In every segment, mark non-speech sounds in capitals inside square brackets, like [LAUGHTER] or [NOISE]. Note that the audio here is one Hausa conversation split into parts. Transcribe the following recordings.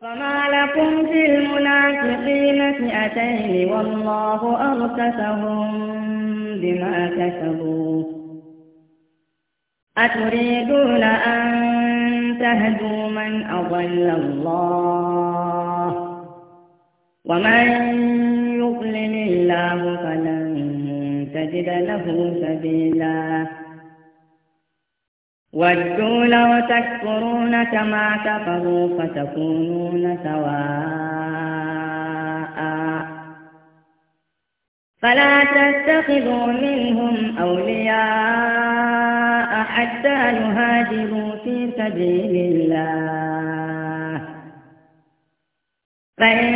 فما لكم في المنافقين فئتين والله أركسهم بما كسبوا أتريدون أن تهدوا من أضل الله ومن يضلل الله فلن تجد له سبيلاً ودوا لو تكفرون كما كفروا فتكونون سواء فلا تتخذوا منهم أولياء حتى يهاجروا في سبيل الله فإن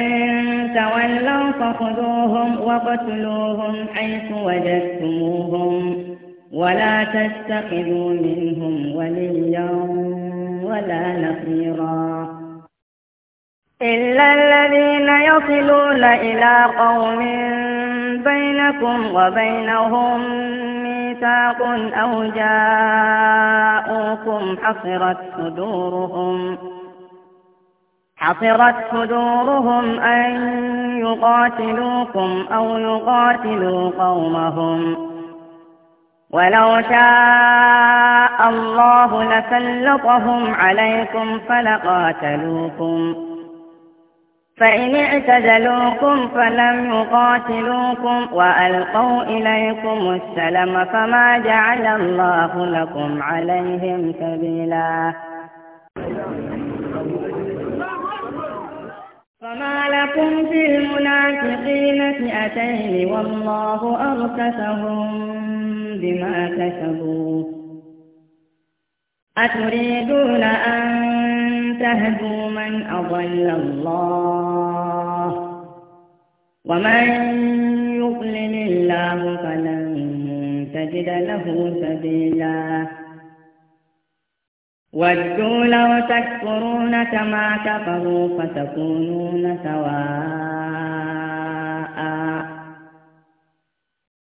تولوا فخذوهم وقتلوهم حيث وجدتموهم ولا تتخذوا منهم وليا ولا نصيرا إلا الذين يصلون إلى قوم بينكم وبينهم ميثاق أو جاءوكم حصرت صدورهم حصرت صدورهم أن يقاتلوكم أو يقاتلوا قومهم ولو شاء الله لسلطهم عليكم فلقاتلوكم فإن اعتزلوكم فلم يقاتلوكم وألقوا إليكم السلم فما جعل الله لكم عليهم سبيلاً وما لكم في المنافقين فئتين والله أركسهم بما كسبوا أتريدون أن تهدوا من أضل الله ومن يضلل الله فلن تجد له سبيلاً ودوا لو تكفرون كما كفروا فتكونون سواء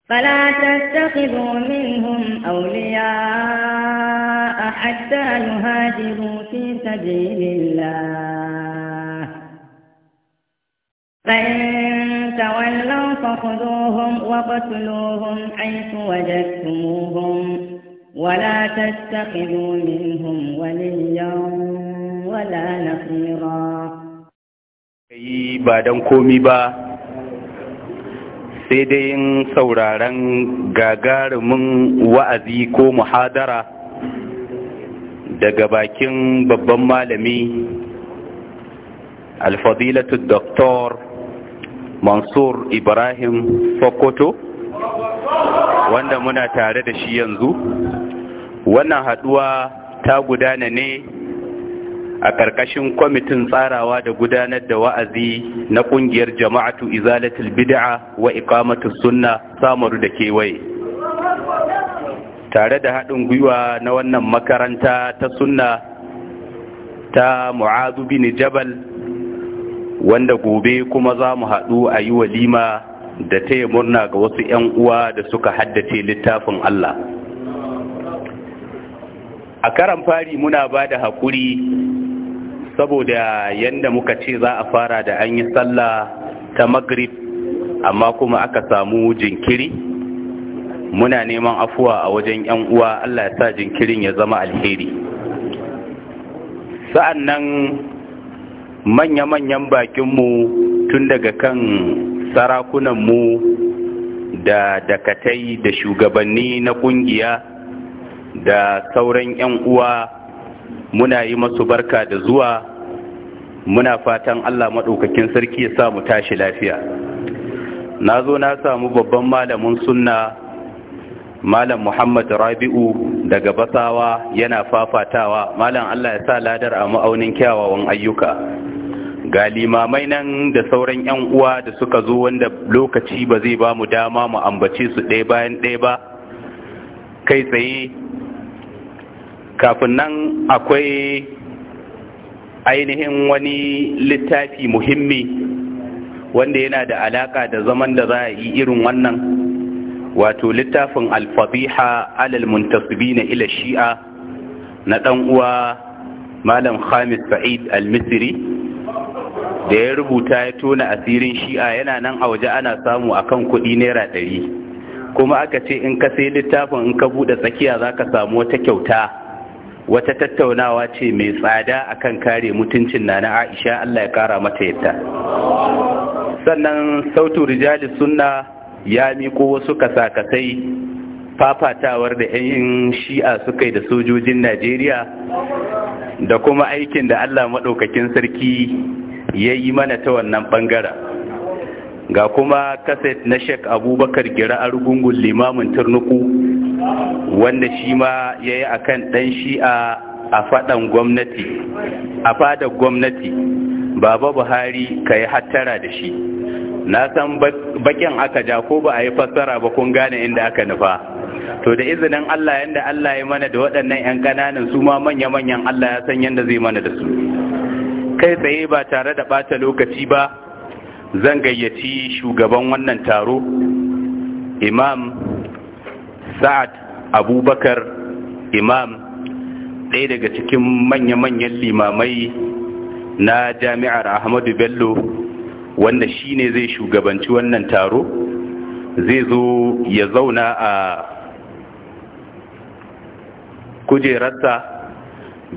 فلا تتخذوا منهم أولياء حتى يهاجروا في سبيل الله فإن تولوا فخذوهم وقتلوهم حيث وجدتموهم ولا تتخذوا منهم وليا ولا نصيرا ba don komi ba sai dai yin sauraron gagarumin wa'azi ko muhadara daga bakin babban malami alfadilatu doktor mansur ibrahim fokoto wanda muna tare da shi yanzu wannan haduwa ta gudana ne a ƙarƙashin kwamitin tsarawa da gudanar da wa'azi na ƙungiyar jama'atu izalatul bid'a wa ikamatu sunna samaru da kewaye tare da haɗin gwiwa na wannan makaranta ta sunna ta mu'azu bin jabal wanda gobe kuma za mu haɗu a yi walima da ta taya murna ga wasu 'yan uwa da suka haddace littafin Allah a karan fari muna ba da haƙuri saboda yadda muka ce za a fara da an yi sallah ta magrib amma kuma aka samu jinkiri muna neman afuwa a wajen 'yan uwa Allah ya sa jinkirin ya zama alheri sa'an nan manya-manyan bakinmu tun daga kan Sarakunan mu da dakatai da shugabanni na kungiya da sauran 'yan uwa muna yi masu barka da zuwa muna fatan Allah maɗaukakin sarki ya sa mu tashi lafiya na zo na samu babban malamin sunna malam muhammad rabi'u daga basawa yana fafatawa malam Allah ya sa ladar a ma'aunin kyawawan ayyuka ga limamai nan da sauran 'yan uwa da suka zo wanda lokaci ba zai ba mu dama mu ambace su ɗaya bayan ɗaya ba kai tsaye kafin nan akwai ainihin wani littafi muhimmi wanda yana da alaƙa da zaman da za a yi irin wannan wato littafin alfabiha alal muntasibi na ila shi'a na ɗan uwa malam khamis sa'id al-misri da ya rubuta ya tona asirin shi'a yana nan a waje ana samu akan kuɗi naira ɗari kuma aka ce in ka sai littafin in ka buɗe tsakiya za ka samu wata kyauta wata tattaunawa ce mai tsada akan kare mutuncin na na aisha allah ya kara mata yadda sannan sautu rijali sunna ya miko wasu kasa-kasai fafatawar da 'yan shi'a suka yi da sojojin najeriya da kuma aikin da allah maɗaukakin sarki ya yi mana ta wannan ɓangare, ga kuma kaset na Sheikh abubakar gira a rugungun limamin turnuku wanda shi ma ya yi a kan ɗan shi'a a faɗan gwamnati a fadar gwamnati baba buhari ka yi hattara da shi na san bakin aka ja ko ba a yi fassara ba kun gane inda aka nufa to da izinin Allah yanda Allah ya mana da waɗannan 'yan ƙananan su ma manya-manyan Allah ya san yanda zai mana da su kai tsaye ba tare da ɓata lokaci ba zan gayyaci shugaban wannan taro imam sa'ad abubakar imam ɗaya daga cikin manya-manyan limamai na jami'ar ahmadu bello wanda shi ne zai shugabanci wannan taro zai zo ya zauna a kujerarsa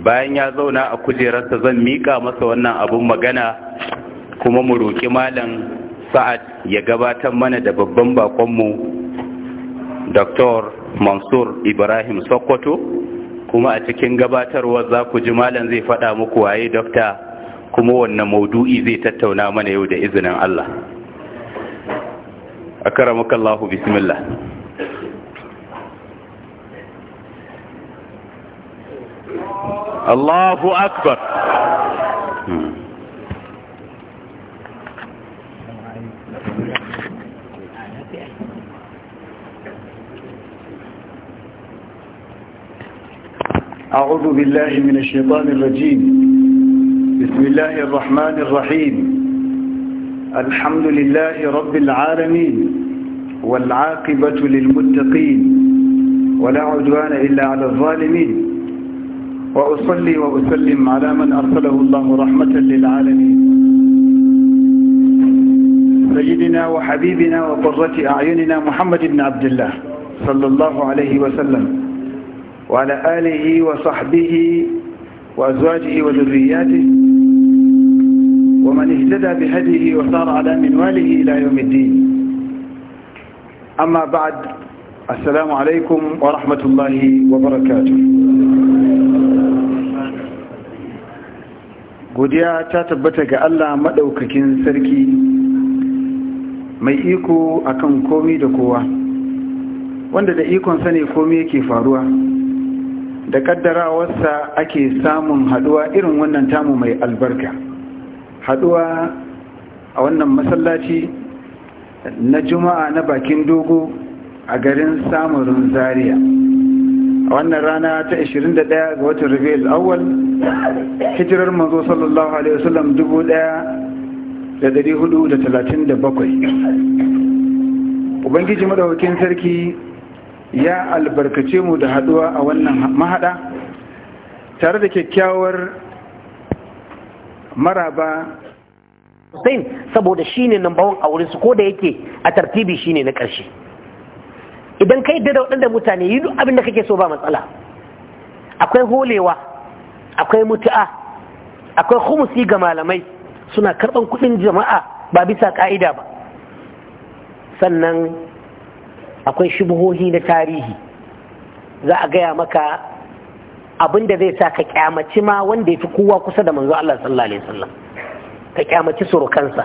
bayan ya zauna a kujerarsa zan miƙa masa wannan abun magana kuma mu roƙi malam sa'ad ya gabatar mana da babban bakonmu Dr. Mansur Ibrahim Sokoto kuma a cikin gabatarwar za ku ji malam zai faɗa muku waye dokta kuma wannan maudu'i zai tattauna mana yau da izinin Allah. A Akaramukallahu bismillah. الله أكبر أعوذ بالله من الشيطان الرجيم بسم الله الرحمن الرحيم الحمد لله رب العالمين والعاقبة للمتقين ولا عدوان إلا على الظالمين وأصلي وأسلم على من أرسله الله رحمة للعالمين سيدنا وحبيبنا وقرة أعيننا محمد بن عبد الله صلى الله عليه وسلم وعلى آله وصحبه وأزواجه وذرياته ومن اهتدى بهديه وصار على منواله إلى يوم الدين أما بعد السلام عليكم ورحمة الله وبركاته godiya ta tabbata ga Allah maɗaukakin sarki mai iko akan komi da kowa wanda da ikonsa ne komi yake faruwa da ƙaddarawarsa ake samun haduwa irin wannan tamu mai albarka Haɗuwa a wannan masallaci na juma'a na bakin dogo a garin samun zaria a wannan rana ta 21 ga watan rabiul awwal hijirar manzo sallallahu alaihi wasallam dubu daya da dari hudu da talatin da bakwai ubangiji madawakin sarki ya albarkace mu da haduwa a wannan mahada tare da kyakkyawar maraba Hussein saboda shine nambawan a su ko da yake a tartibi shine na ƙarshe idan kai da waɗanda mutane yi duk abin da kake so ba matsala akwai holewa akwai mutu'a akwai khumusi ga malamai suna karban kuɗin jama'a ba bisa ƙa'ida ba sannan akwai shubuhohi na tarihi za a gaya maka abin da zai sa ka kyamaci ma wanda ya fi kowa kusa da manzo Allah sallallahu alaihi wasallam ka kyamaci surukansa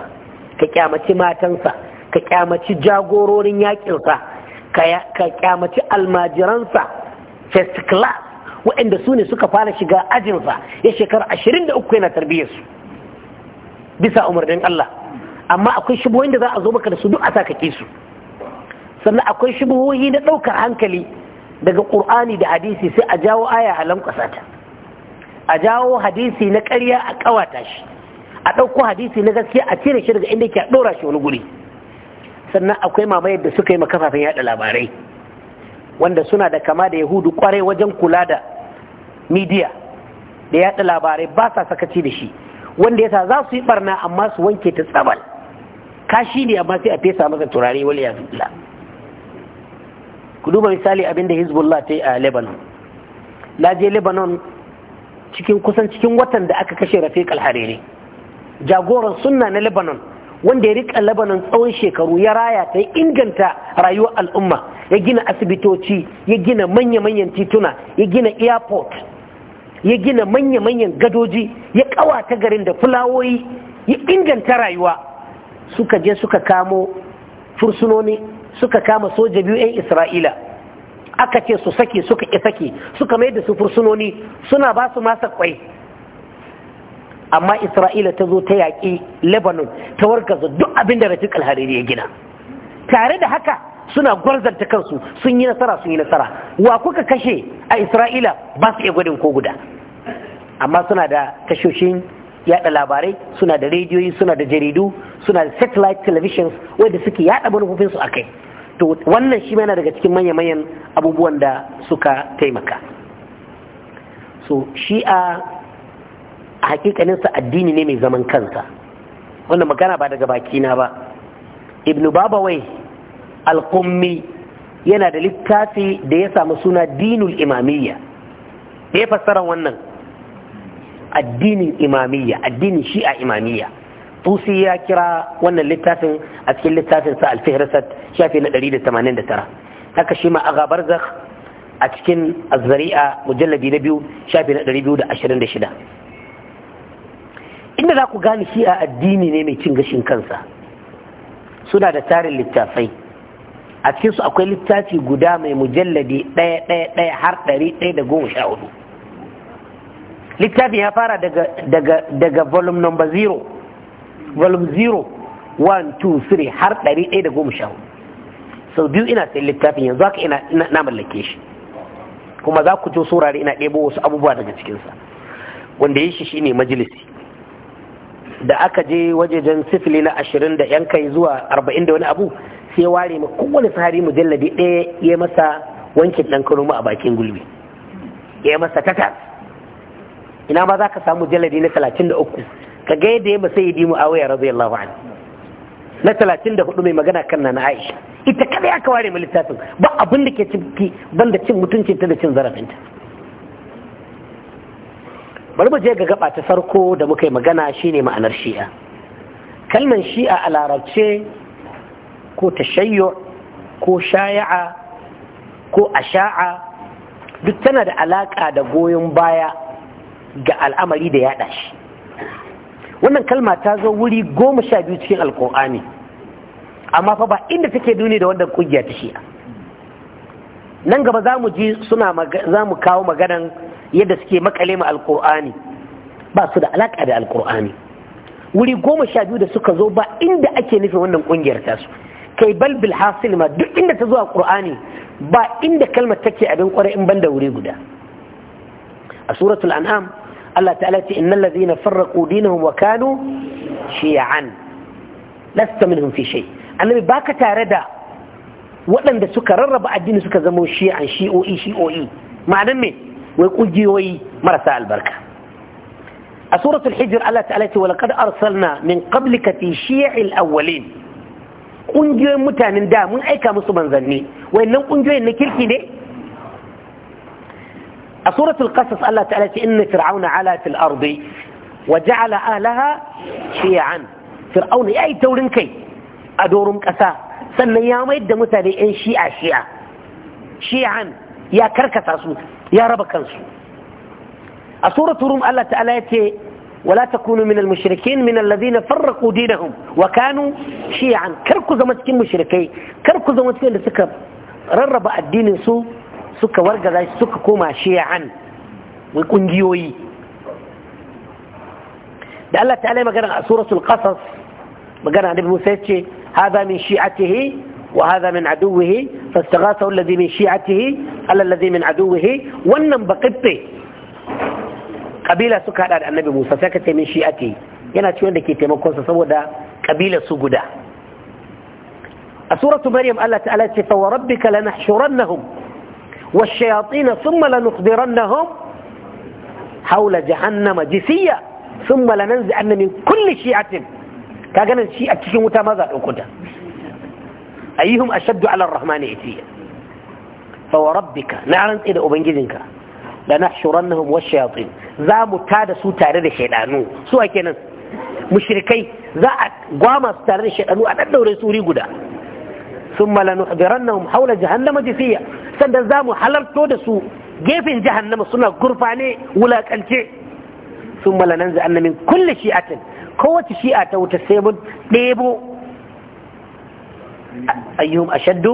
ka kyamaci matansa ka kyamaci jagororin yakinsa ka kyamaci almajiransa first class waɗanda su ne suka fara shiga ajinsa ya shekara ashirin da uku yana tarbiyyarsu bisa umarnin Allah amma akwai shubuhoyin da za a zo maka da su duk a sakake su sannan akwai shubuhoyi na ɗaukar hankali daga ƙur'ani da hadisi sai a jawo aya a lankwasa a jawo hadisi na ƙarya a ƙawata shi a ɗauko hadisi na gaskiya a cire shi daga inda ke ɗora shi wani guri sannan akwai mamayar da suka yi ma kafafen yaɗa labarai wanda suna da kama da yahudu kwarai wajen kula da media da yaɗa labarai ba sa sakaci da shi wanda yasa za su yi barna amma su wanke ta tsabal kashi ne amma sai a fesa masa turare wal ya fitla ku duba misali abin da hezbollah ta yi a lebanon na je lebanon cikin kusan cikin watan da aka kashe rafe kalharere jagoran sunna na lebanon wanda ya rika lebanon tsawon shekaru ya raya ta inganta rayuwar al'umma ya gina asibitoci ya gina manya-manyan tituna ya gina airport ya gina manya-manyan gadoji ya ƙawata garin da fulawoyi ya inganta rayuwa suka je suka kamo fursunoni suka kama soja biyu 'yan isra'ila aka ce su sake suka ƙi sake suka mai da su fursunoni suna ba su masa kwai amma isra'ila ta zo ta yaƙi lebanon ta wargaza duk abin da rafiq ya gina tare da haka suna gwarzanta kansu sun yi nasara sun yi nasara wa kuka kashe a isra'ila ba su iya gwadin ko guda amma suna da tashoshin yada labarai suna da rediyoyi suna da jaridu suna da satellite televisions wanda suke yada manufofinsu su akai to wannan shi yana daga cikin manya-manyan abubuwan da suka taimaka so shi'a a hakikaninsa addini ne mai zaman kansa wannan magana ba daga na ba ibnu babawai al-qummi yana da littafi da ya samu suna dinul imamiyya Me ya fassara wannan addinin imamiyya addinin shi'a imamiyya tusi ya kira wannan littafin a cikin littafin sa al fihrasat shafi na 189 haka shi ma aga barzakh a cikin az-zari'a mujalladi na biyu shafi na 226 inda za ku gane shi'a addini ne mai cin gashin kansa suna da tarin littafai a cikinsu akwai littafi guda mai mujalladi ɗaya ɗaya ɗaya har ɗari ɗaya da goma sha hudu littafin ya fara daga volume number zero volume zero one two three har ɗari ɗaya da goma sha hudu sau biyu ina sayan littafin yanzu haka ina na mallake shi kuma za ku jo saurari ina ɗebo wasu abubuwa daga cikinsa wanda ya shi shi ne majalisi da aka je wajejen sifili na ashirin da yankai zuwa arba'in da wani abu sai ware mu kowane sahari mujalladi ɗaya ya masa wankin ɗan karuma a bakin gulbi ya masa tatas ina ma za ka samu mujalladi na talatin da uku ka ga yadda ya masa yadi mu'awiya radiyallahu anhu na talatin da hudu mai magana kan na Aisha ita kada aka ware mu littafin ba abin da ke ciki da cin ta da cin zarafinta bari mu je ga gaba ta farko da muka yi magana shine ma'anar shi'a kalmar shi'a a larabce ko Tashayyo, ko shaya'a ko asha'a duk tana da alaƙa da goyon baya ga al'amari da yaɗa shi wannan kalma ta zo wuri goma sha biyu cikin alkur'ani amma fa ba inda take duni da wannan kungiya ta shi'a nan gaba za mu ji suna za mu kawo maganan yadda suke makale ma alkur'ani ba su da alaƙa da alkur'ani wuri goma sha biyu da suka zo ba inda ake nufin wannan kungiyar tasu kai bal bil hasil ma duk inda ta zuwa qur'ani ba inda kalmar take abin kwarai in banda wuri guda a suratul an'am Allah ta'ala ce innal ladhina farraqu dinahum wa kanu shi'an lasta minhum fi shay annabi baka tare da waɗanda suka rarraba addini suka zama shi'an shi'o'i shi'o'i ma'anan me wai kujiyoyi marasa albarka a suratul hijr Allah ta'ala ce wa laqad arsalna min qablika fi shi'il awwalin ƙungiyoyin mutanen da mun aika musu manzanni wayannan ƙungiyoyin na kirki ne a suratul qasas Allah ta'ala ce inna fir'auna ala fil ardi wa ja'ala ahliha shi'an fir'auna yayi taurin kai a doron ƙasa sannan ya mayar da mutane yan shi'a shi'a shi'an ya karkasa su ya raba kansu a suratul rum Allah ta'ala ya ce ولا تكونوا من المشركين من الذين فرقوا دينهم وكانوا شيعا كركو زما cikin mushrikai karku zama cikin da suka rarraba addinin su suka warga zai suka koma shi'a wai kungiyoyi da Allah ta'ala magana a suratul qasas magana annabi Musa yace hada min shi'atihi wa hada min aduwihi fastaghatha alladhi min shi'atihi ala alladhi min aduwihi wannan baqitte kabila suka hada da annabi musa sai ka taimin shi ake yana ci wanda ke taimakon sa saboda kabila su guda a suratu maryam Allah ta'ala ce fa rabbika lanahshurannahum wash-shayatin thumma lanuhdirannahum hawla jahannama jisiya thumma lananzi'anna min kulli shi'atin ka ganin shi a cikin wuta ma za a dauko ta ayyuhum ashaddu 'ala ar-rahmani itiya fa rabbika na rantsi da ubangijinka lanahshurannahum washayatin za mu tada su tare da su ake nan mushrikai za a gwama su tare da a daddaure su wuri guda thumma lanuhdirannahum jahannama sannan za mu halarto da su gefen jahannama suna gurfane wulakance thumma lananza'anna min shi'atin kowace shi'a ta wuta sai mun ɗebo ayyuhum ashaddu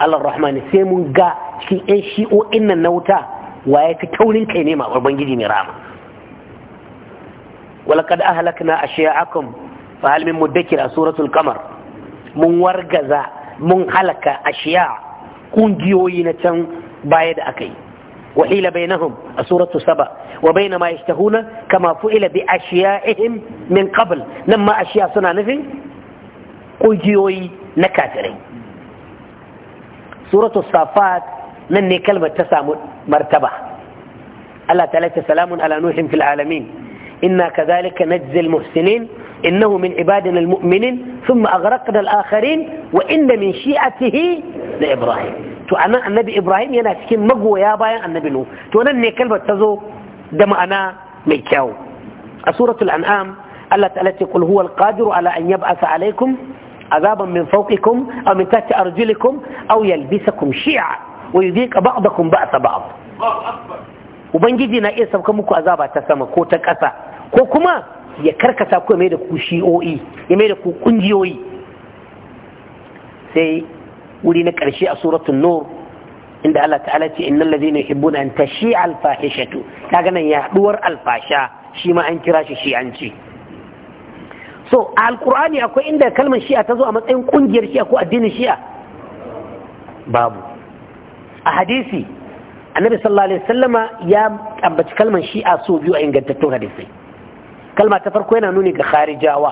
Allah rahmani sai mun ga cikin yan shi'o'in nan na wuta wa ya fi taurin kai ne ma ubangiji mai rama walaqad ahlakna ashya'akum fa hal min mudakkir suratul qamar mun wargaza mun halaka ashiya kungiyoyi na can baya da akai wa hila bainahum a suratu saba wa baina ma yashtahuna kama fu'ila bi ashiya'ihim min qabl nan ma ashiya suna nufin ƙungiyoyi na kafirai suratu safat nan ne kalmar ta samu martaba Allah ta lati salamun ala nuhin fil alamin inna kadhalika najzi al muhsinin innahu min ibadina al mu'minin thumma aghraqna wa inna min shi'atihi na ibrahim to anan annabi ibrahim yana cikin magoya bayan annabi nuh to nan ne kalmar ta zo da ma'ana mai kyau a suratul an'am Allah ta'ala ce kul huwal Kadiru ala an yab'atha alaikum azaban min fawqikum aw min tahti arjulikum aw yalbisakum shi'a wa yudhiqa ba'dakum ba'sa ba'd ubangiji na iya sauka muku azaba ta sama ko ta ƙasa ko kuma ya karkata ku mai da ku shi'o'i ya mai da ku kungiyoyi sai wuri na ƙarshe a suratun nur inda Allah ta'ala ce innal ladhina yuhibbuna an tashi'a al-fahishatu kaga nan yaduwar alfasha shi ma an kira shi shi'anci so a alqur'ani akwai inda kalmar shi'a ta zo a matsayin kungiyar shi'a ko addinin shi'a babu a hadisi annabi sallallahu alaihi wasallama ya ambaci kalmar shi'a so biyu a ingantattun hadisai kalma ta farko yana nuni ga kharijawa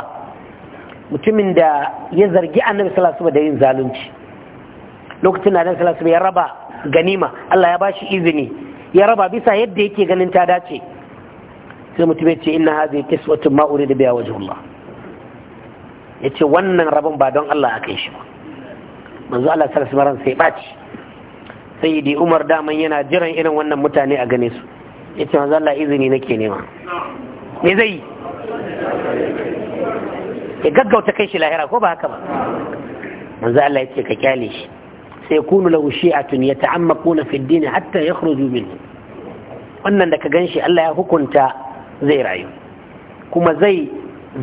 mutumin da ya zargi annabi sallallahu alaihi da yin zalunci lokacin da annabi sallallahu alaihi ya raba ganima Allah ya bashi izini ya raba bisa yadda yake ganin ta dace sai mutum ya ce inna hadhihi qiswatun ma urida biha wajhullah yace wannan rabon ba don Allah aka yi shi ba manzo Allah sallallahu alaihi wasallam sai baci sayyidi umar daman yana jiran irin wannan mutane a gane su ya ce Allah izini nake nema me zai yi ya gaggauta kai shi lahira ko ba haka ba Maza Allah ya ce ka kyale shi sai kunu lahu shi'atun yata'ammaquna fi ad-din hatta yakhruju minhu wannan da ka ganshi Allah ya hukunta zai rayu kuma zai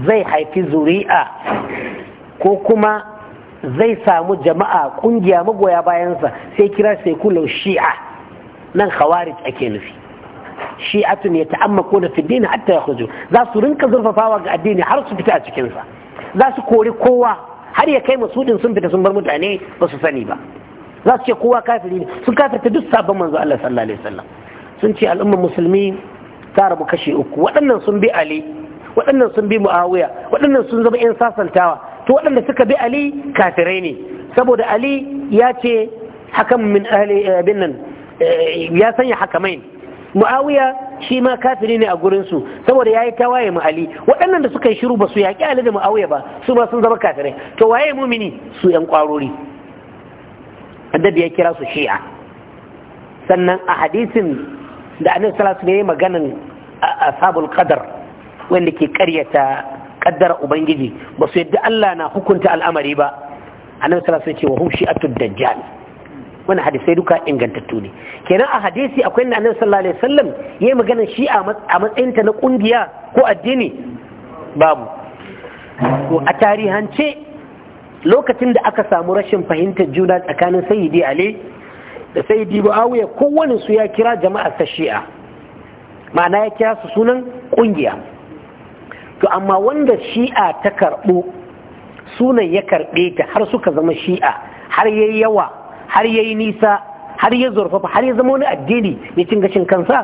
zai haifi zuri'a ko kuma zai samu jama'a kungiya magoya bayansa sai kira sai kulau shi'a nan khawarij ake nufi shi'atun ya ta'ammaku na fi dini hatta ya khuju za su rinka zurfafawa ga addini har su fita a cikinsa za su kori kowa har ya kai masudin sun fita sun bar mutane ba su sani ba za su ce kowa kafiri ne sun kafirta duk sabon manzo Allah sallallahu alaihi wasallam sun ce al'ummar musulmi ta rabu kashe uku waɗannan sun bi Ali waɗannan sun bi Muawiya waɗannan sun zama 'yan sasantawa to waɗanda suka bi ali kafirai ne saboda ali ya ce hakan min ahli eh, nan eh, ya sanya hakamai muawiya shi ma kafiri ne a gurin su saboda yayi yi tawaye mu ali waɗannan da suka yi shiru ba su yaƙi ali da muawiya ba su ma sun zama kafirai to waye mumini su yan kwarori? annabi ya kira su shi'a sannan a hadisin da annabi sallallahu alaihi wasallam ya yi maganan ashabul qadar wanda ke ƙaryata kaddara ubangiji ba su yadda Allah na hukunta al'amari ba annabi sallallahu alaihi ce wa hum shi'atud dajjal wannan hadisai duka ingantattu ne kenan a hadisi akwai na annabi sallallahu alaihi wasallam yayi magana shi a matsayin ta na kungiya ko addini babu to a tarihance lokacin da aka samu rashin fahimtar juna tsakanin sayyidi ali da sayyidi muawiya kowanne su ya kira jama'a ta shi'a ma'ana ya kira su sunan kungiya to amma wanda shi'a ta karɓo sunan ya karɓe ta har suka zama shi'a har ya yi yawa har ya yi nisa har ya zurfafa har ya zama wani addini ya cin gashin kansa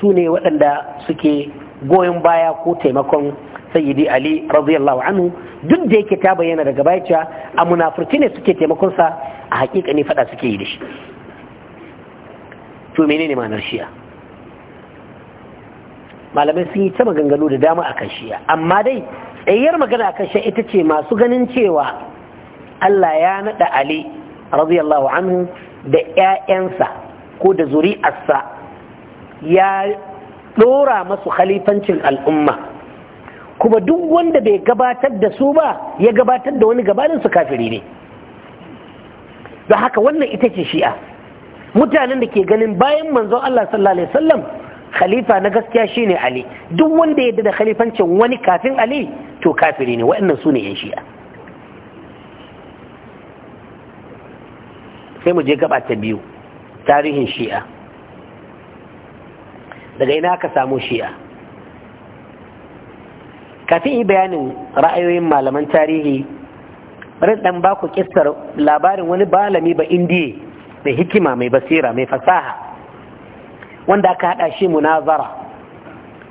su ne waɗanda suke goyon baya ko taimakon sayyidi ali radiyallahu anhu duk da yake ta bayyana daga baya a munafurci ne suke taimakonsa a hakika ne faɗa suke yi da shi to menene ma'anar shi'a malamai sun yi ta maganganu da dama a kan shiya amma dai tsayayyar magana a kan shiya ita ce masu ganin cewa Allah ya naɗa Ali radiyallahu anhu da ‘ya'yansa ko da zuri'arsa ya ɗora masu khalifancin al'umma kuma duk wanda bai gabatar da su ba ya gabatar da wani gabanin su kafiri ne da haka wannan ita ce shi'a mutanen da ke ganin bayan manzon Allah sallallahu alaihi wasallam khalifa na gaskiya shine ali duk wanda ya da khalifancin wani kafin ali to kafiri ne waɗannan su ne yan shi'a sai mu je gaba ta biyu tarihin shi'a daga ina aka samu shi'a kafin yi bayanin ra'ayoyin malaman tarihi bari dan baku kissar labarin wani balami ba indiya mai hikima mai basira mai fasaha wanda aka haɗa shi munazara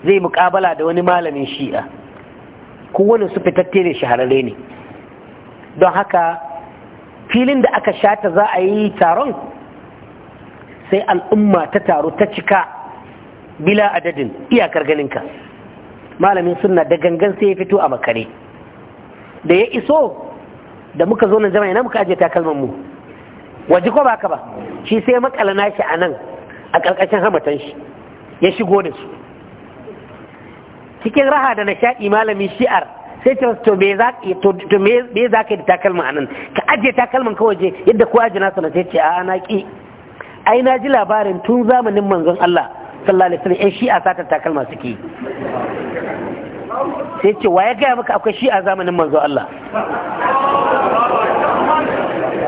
zai muƙabala da wani malamin shi'a kowane su fitatte ne shahararre ne don haka filin da aka shata za a yi taron sai al'umma ta taru ta cika bila adadin iyakar ganinka malamin sunna da gangan sai ya fito a makare da ya iso da muka zo na jama'a na muka ajiye takalman mu waje ko baka ba shi sai makala nashi a nan a ƙarƙashin hamatan shi ya shigo da su cikin raha da nishaɗi malami shi'ar sai ce to me za ka yi da takalman a nan ka ajiye takalman kawai waje yadda ko aji nasa na sai ce a na ƙi ai na ji labarin tun zamanin manzon Allah sallallahu alaihi wasallam yan shi'a sata takalma suke sai ce wa ya gaya maka akwai shi'a zamanin manzon Allah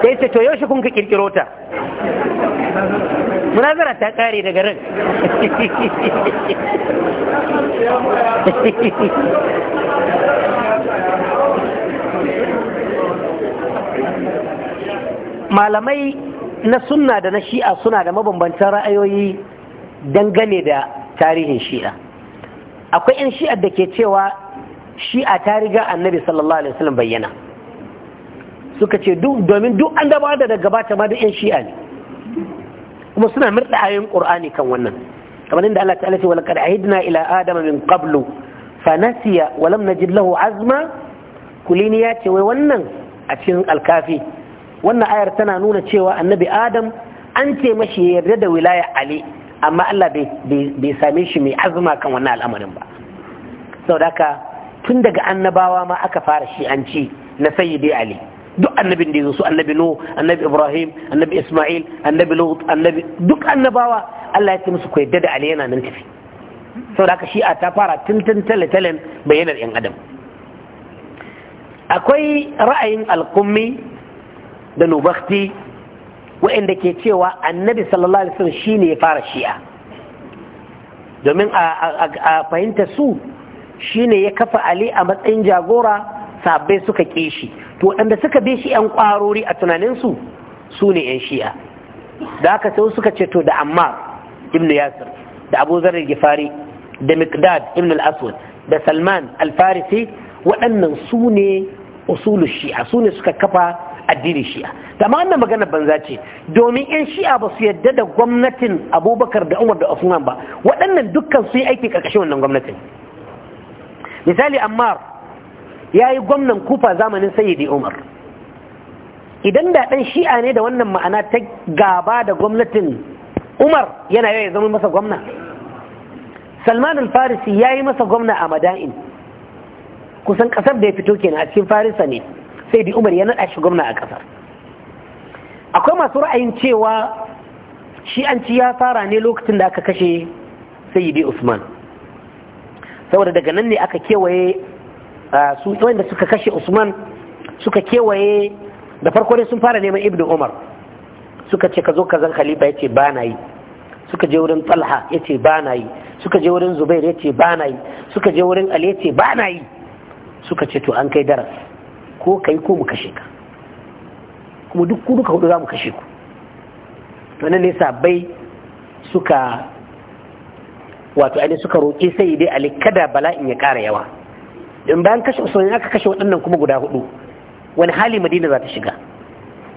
sai ce to yaushe kun ka kirkiro ta munazara ta kare daga ran malamai na sunna da na shi'a suna da mabambantan ra'ayoyi dangane da tarihin shi'a akwai 'yan shi'a da ke cewa shi'a ta riga annabi sallallahu alaihi wasallam bayyana suka ce domin duk an dabawa da gabata ma duk 'yan shi'a ne kuma suna mirda ayoyin qur'ani kan wannan kamar inda Allah ta'ala ce wa laqad ahidna ila adama min qablu fa nasiya wa lam najid lahu azma kulini ya ce wai wannan a cikin alkafi wannan ayar tana nuna cewa annabi adam an ce mashi yarda da wilaya ali amma Allah bai same shi mai azma kan wannan al'amarin ba saboda haka tun daga annabawa ma aka fara shi an ci na sayyidi ali duk annabin da ya su annabi nuhu annabi ibrahim annabi isma'il annabi lut annabi duk annabawa Allah ya ce musu ku yadda da ali yana nan tafi saboda haka shi'a ta fara tuntun tale bayyanar yan adam akwai ra'ayin alƙummi da nubakti waɗanda ke cewa annabi sallallahu alaihi wasallam shine ya fara shi'a domin a fahimta su shine ya kafa ali a matsayin jagora sabai suka ke shi to waɗanda suka bi shi 'yan ƙwarori a tunaninsu su ne 'yan shi'a da aka sau suka ce to da ammar ibn yasir da abu zarar gifari da mikdad ibn aswad da salman alfarisi farisi waɗannan su ne usulu shi'a su ne suka kafa addinin shi'a amma wannan magana banza ce domin 'yan shi'a ba su yadda da gwamnatin abubakar da umar da usman ba waɗannan dukkan su yi aiki ƙarƙashin wannan gwamnatin misali ammar ya yi gwamnan kufa zamanin sayyidi umar idan da ɗan shi'a ne da wannan ma'ana ta gaba da gwamnatin umar yana yau zama masa gwamna salman al-farisi ya yi masa gwamna a mada'in kusan ƙasar da ya fito kenan a cikin farisa ne sai di umar ya naɗa shi gwamna a ƙasar akwai masu ra'ayin cewa shi'anci ya fara ne lokacin da aka kashe sayyidi usman saboda daga nan ne aka kewaye su wanda suka kashe usman suka kewaye da farko dai sun fara neman ibnu umar suka ce ka zo ka zan khalifa yace ba na yi suka je wurin talha yace ba na yi suka je wurin zubair yace ba na yi suka je wurin ali yace ba na yi suka ce to an kai daras ko kai ko mu kashe ka kuma duk ku duka hudu za mu kashe ku to nan ne sabai suka wato ainihin suka roƙi sai dai ali kada bala'in ya ƙara yawa in bayan kashe usman aka kashe waɗannan kuma guda hudu wani hali madina za ta shiga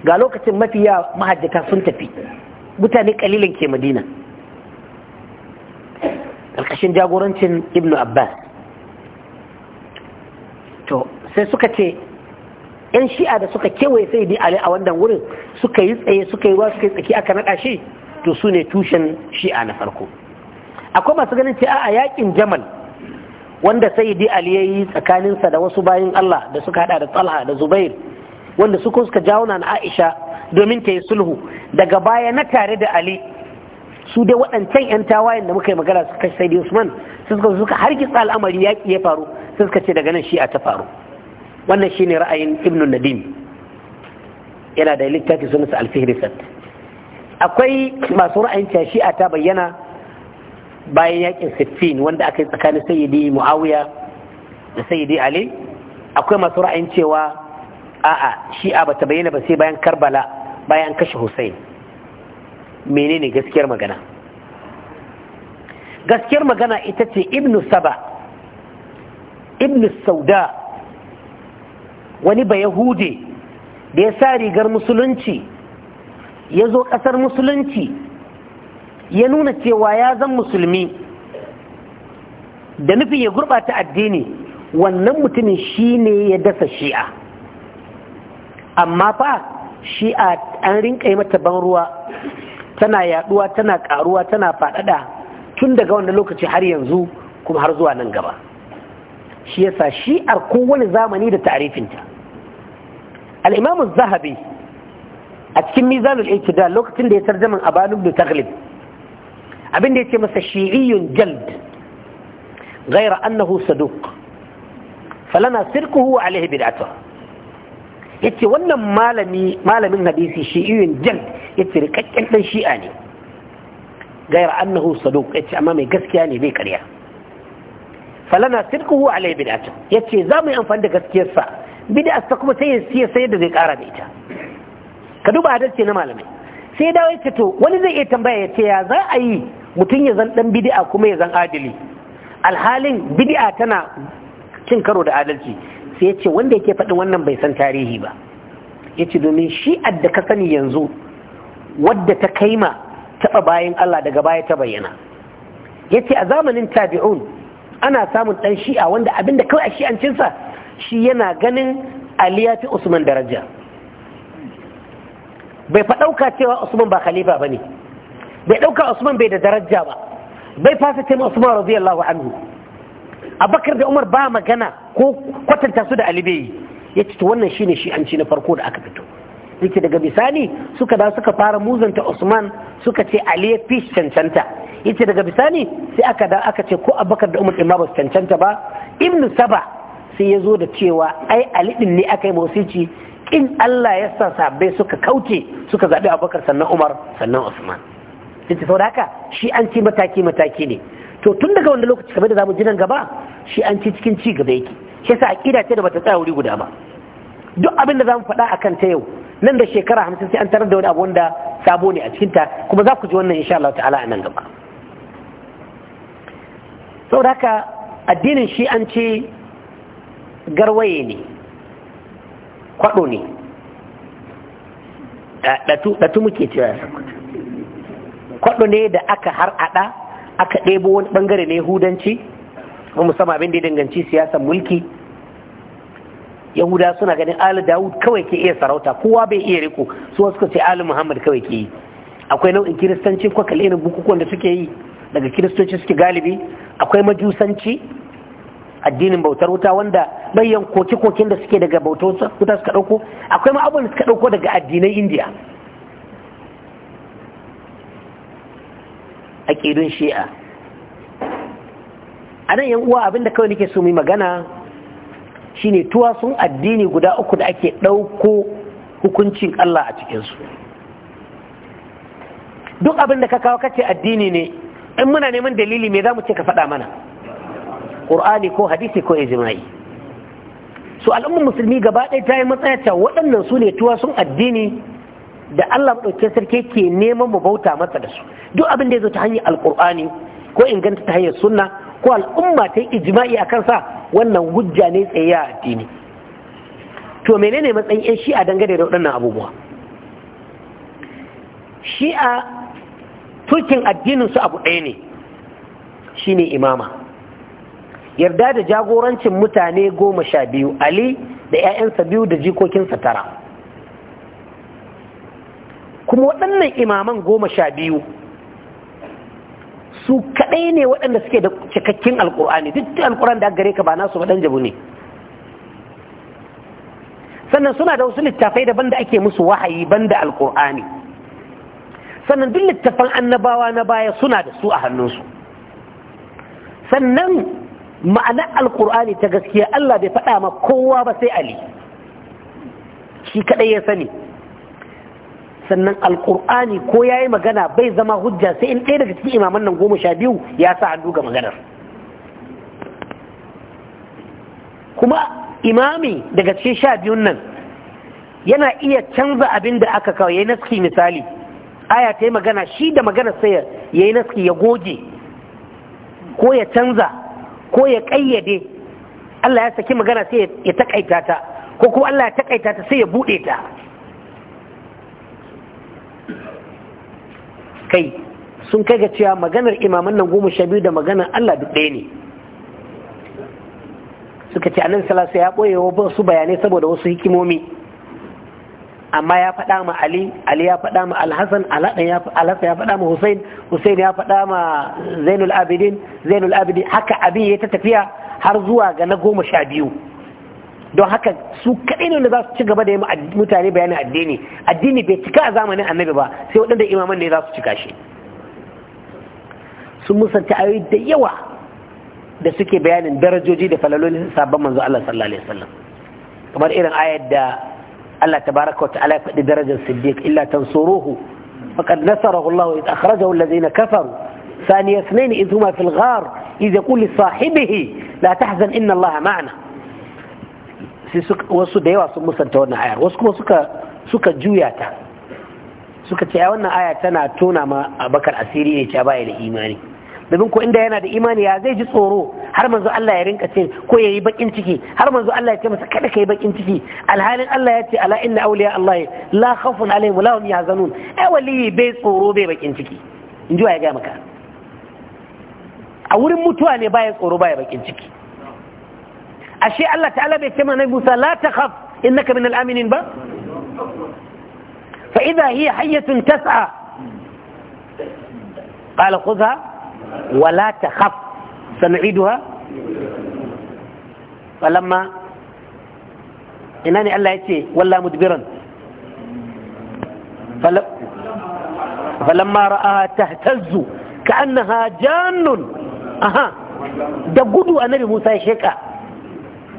ga lokacin mafiya mahajjata sun tafi mutane kalilan ke madina ƙarƙashin jagorancin ibnu abbas to sai suka ce yan shi'a da suka kewaye sai di ali a wannan wurin suka yi tsaye suka yi ruwa suka yi tsaki aka naɗa shi to su ne tushen shi'a na farko akwai masu ganin ce a yakin jamal wanda sayyidi ali yayi tsakanin sa da wasu bayin Allah da suka hada da Talha da Zubair wanda suka suka jawo na Aisha domin ta yi sulhu daga baya na tare da Ali su dai waɗancan 'yan tawayen da muka yi magana suka sai da Usman suka suka ki al'amari yaƙi ya faru suka ce daga nan shi'a ta faru wannan shine ra'ayin Ibn Nadim yana da littafi sunansa al Akwai masu ra'ayin shi'a ta bayyana bayan yakin siffin wanda aka yi tsakanin sayyidi muawiya da sayyidi ali akwai masu ra'ayin cewa a'a shi'a bata bayyana ba sai bayan karbala bayan kashe hussein menene gaskiyar magana gaskiyar magana ita ce ibnu saba ibnu sauda wani bayahude da ya sa rigar musulunci ya zo ƙasar musulunci ya nuna cewa ya zan musulmi da nufin ya gurɓata addini wannan mutumin shi ne ya dasa shi'a amma fa shi'a an rinka yi mata ban ruwa tana yaduwa tana karuwa tana faɗaɗa tun daga wanda lokaci har yanzu kuma har zuwa nan gaba shi yasa shi'ar kowane zamani da ta'arifinta al'imamun zahabi a cikin mizanul iktidal lokacin da ya tarjaman abanu da taglib abin da ya ce masa shi'iyyun jald gaira annahu saduq falana sirkuhu wa alaihi bid'atu yace wannan malami malamin hadisi shi'iyyun jald yace rikakken dan shi'a ne gaira annahu saduq yace amma mai gaskiya ne bai karya falana sirkuhu wa alaihi bid'atu yace za mu yi amfani da gaskiyar sa gaskiyarsa bid'arsa kuma sai ya sayar da zai kara da ita ka duba adalci na malamai sai dawo ya to wani zai iya tambaya ya ya za a yi mutum ya zan dan bidi'a kuma ya zan adali, alhalin bidi'a tana cin karo da adalci sai ya ce wanda yake faɗin wannan bai san tarihi ba ya ce domin shi'ar da ka sani yanzu wadda ta kai ma taɓa bayan Allah daga baya ta bayyana ya ce a zamanin tabi'un ana samun ɗan shi'a wanda abin da kawai a shi'ancinsa shi yana ganin aliya usman daraja bai faɗauka cewa usman ba khalifa ba ne bai ɗauka Usman bai da daraja ba bai fasa taimaka Usman radiyallahu anhu Abakar da Umar ba magana ko kwatanta su da Ali bai ya to wannan shine shi an ci na farko da aka fito yake daga bisani suka da suka fara muzanta Usman suka ce Ali ya cancanta yace daga bisani sai aka da aka ce ko Abakar da Umar ma ba su cancanta ba Ibn Saba sai ya zo da cewa ai Ali din ne aka yi mawsici in Allah ya sa suka kauce suka zaɓi Abubakar sannan Umar sannan Usman sau da haka shi an ci mataki mataki ne to tun daga wanda lokaci kamar da zamu ji nan gaba shi an ci cikin ci gaba yake shi sa akida ce da bata tsaya wuri guda ba duk abin da mu faɗa akan ta yau nan da shekara hamsin sai an tarar da wani abu wanda sabo ne a cikin ta kuma za ku ji wannan insha Allah ta'ala a nan gaba Sau da haka addinin shi an ce garwaye ne kwaɗo ne ɗatu muke cewa ya sakuta kwaɗo ne da aka aɗa aka ɗebo wani ɓangare na yahudanci musamman abin da ya danganci siyasar mulki yahuda suna ganin ali dawud kawai ke iya sarauta kowa bai iya riko su suka ce ali muhammad kawai ke yi akwai nau'in kiristanci ko kalli irin bukukuwan da suke yi daga kiristoci suke galibi akwai majusanci addinin bautar wuta wanda bayan koke-koken da suke daga bautar wuta suka ɗauko akwai ma da suka ɗauko daga addinai indiya aƙidun shi'a a nan uwa abinda kawai nake so mai magana shine tuwa sun addini guda uku da ake ɗauko hukuncin Allah a cikinsu duk abinda ka kawo kace addini ne in muna neman dalili me za mu ce ka faɗa mana ƙur'ani ko hadisi ko ijma'i su al'ummar musulmi gaba ɗaya ta yi matsayata waɗannan su ne tuwa sun addini da Allah maɗauki sarki ke neman mu bauta masa da su duk abin da ya zo ta hanyar alƙur'ani ko inganta ta hanyar sunna ko al'umma ta yi ijma'i a kansa wannan hujja ne tsaye a addini to menene matsayin yan shi'a dangane da waɗannan abubuwa shi'a turkin addinin su abu ɗaya ne shine imama yarda da jagorancin mutane goma sha biyu ali da 'ya'yansa biyu da jikokinsa tara kuma waɗannan imaman goma sha biyu su kaɗai ne waɗanda suke da cikakken alƙur'ani duk da alƙur'an da gare ka ba nasu ɗan jabu ne sannan suna da wasu littafai daban da ake musu wahayi ban da alƙur'ani sannan duk littafan annabawa na baya suna da su a hannunsu sannan ma'anar alƙur'ani ta gaskiya Allah bai faɗa ma kowa ba sai Ali shi kaɗai ya sani sannan alkur'ani ko ya yi magana bai zama hujja sai in ɗaya daga cikin imaman nan goma sha biyu ya sa hannu ga maganar kuma imami daga cikin sha biyun nan yana iya canza abin da aka kawo ya yi naski misali aya ta yi magana shi da maganar sai ya yi naski ya goge ko ya canza ko ya ƙayyade Allah ya saki magana sai ya taƙaita ta ko kuma Allah ya taƙaita ta sai ya buɗe ta kai sun kai ga cewa maganar imaman nan goma sha biyu da maganar Allah duk ɗaya ne suka ce anan salasa ya ɓoye wa wasu bayanai saboda wasu hikimomi amma ya faɗa ma Ali Ali ya faɗa ma Alhassan Alhassan ya faɗa ma Hussein Hussein ya faɗa ma Zainul Abidin Zainul Abidin haka abin ya ta tafiya har zuwa ga na goma sha biyu don haka su kaɗai ne za su ci gaba da yi mutane bayanin addini addini bai cika a zamanin annabi ba sai waɗanda imaman ne za su cika shi sun musanta ayoyi da yawa da suke bayanin darajoji da falalolin sabon manzo Allah sallallahu alaihi wasallam kamar irin ayar da Allah tabaraka wa ta'ala ya faɗi darajar siddiq illa tansuruhu faqad nasarahu Allah idh akhrajahu alladhina kafaru ثاني اثنين إذ هما في الغار إذ يقول لصاحبه لا تحزن إن الله معنا sai wasu da yawa sun musanta wannan ayar wasu kuma suka juya ta suka ce wannan aya tana tona ma abakar asiri ne cewa baya da imani domin ko inda yana da imani ya zai ji tsoro har manzo Allah ya rinka ce ko yayi bakin ciki har manzo Allah ya ce masa kada kai bakin ciki alhalin Allah ya ce ala inna awliya Allah la khawfun alaihim wa hum yahzanun ai wali bai tsoro bai bakin ciki in ji ya ga maka a wurin mutuwa ne baya tsoro baya bakin ciki الشيء الله تعالى بيتم موسى لا تخف إنك من الآمنين با فإذا هي حية تسعى قال خذها ولا تخف سنعيدها فلما إناني ألا يتي ولا مدبرا فلما رآها تهتز كأنها جان أها دقودوا أنا بموسى شيكا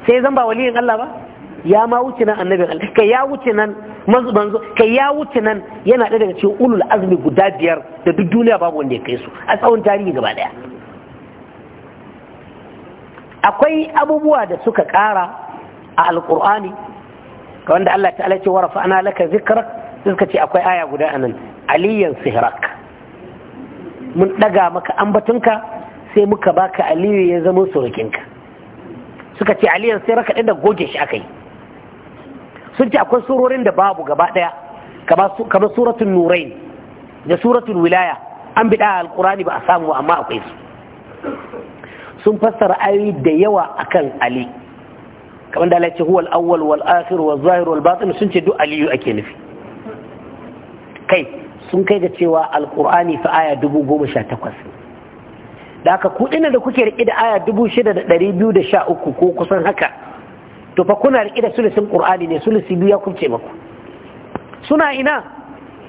sai zan ba waliyin Allah ba ya ma wuce nan annabin Allah kai ya wuce nan manzo kai ya wuce nan yana da daga cikin ulul azmi guda biyar da duk duniya babu wanda ya kai su a tsawon tarihi gaba daya. akwai abubuwa da suka kara a alƙur'ani wanda Allah ta'ala ce warafa ana laka zikra suka ce akwai aya guda anan aliyan sihrak mun ɗaga maka ambatunka sai muka baka aliyu ya zama surukinka suka ce aliyan sai raka da goge shi aka yi sun ce akwai surorin da babu gaba ɗaya kamar suratun nurain da suratun wilaya an bi ɗaya alkurani ba a samu amma akwai su sun fassara ayoyi da yawa akan ali kamar da alaƙi huwal awwal wal akhir wal zahir wal batin sun ce duk aliyu ake nufi kai sun kai ga cewa alkur'ani fa aya dubu goma sha takwas ne da aka na da kuke riƙe da aya uku ko kusan haka to fa kuna riƙe da sulisin ƙur'ani ne sulusi biyu ya kubce maku suna ina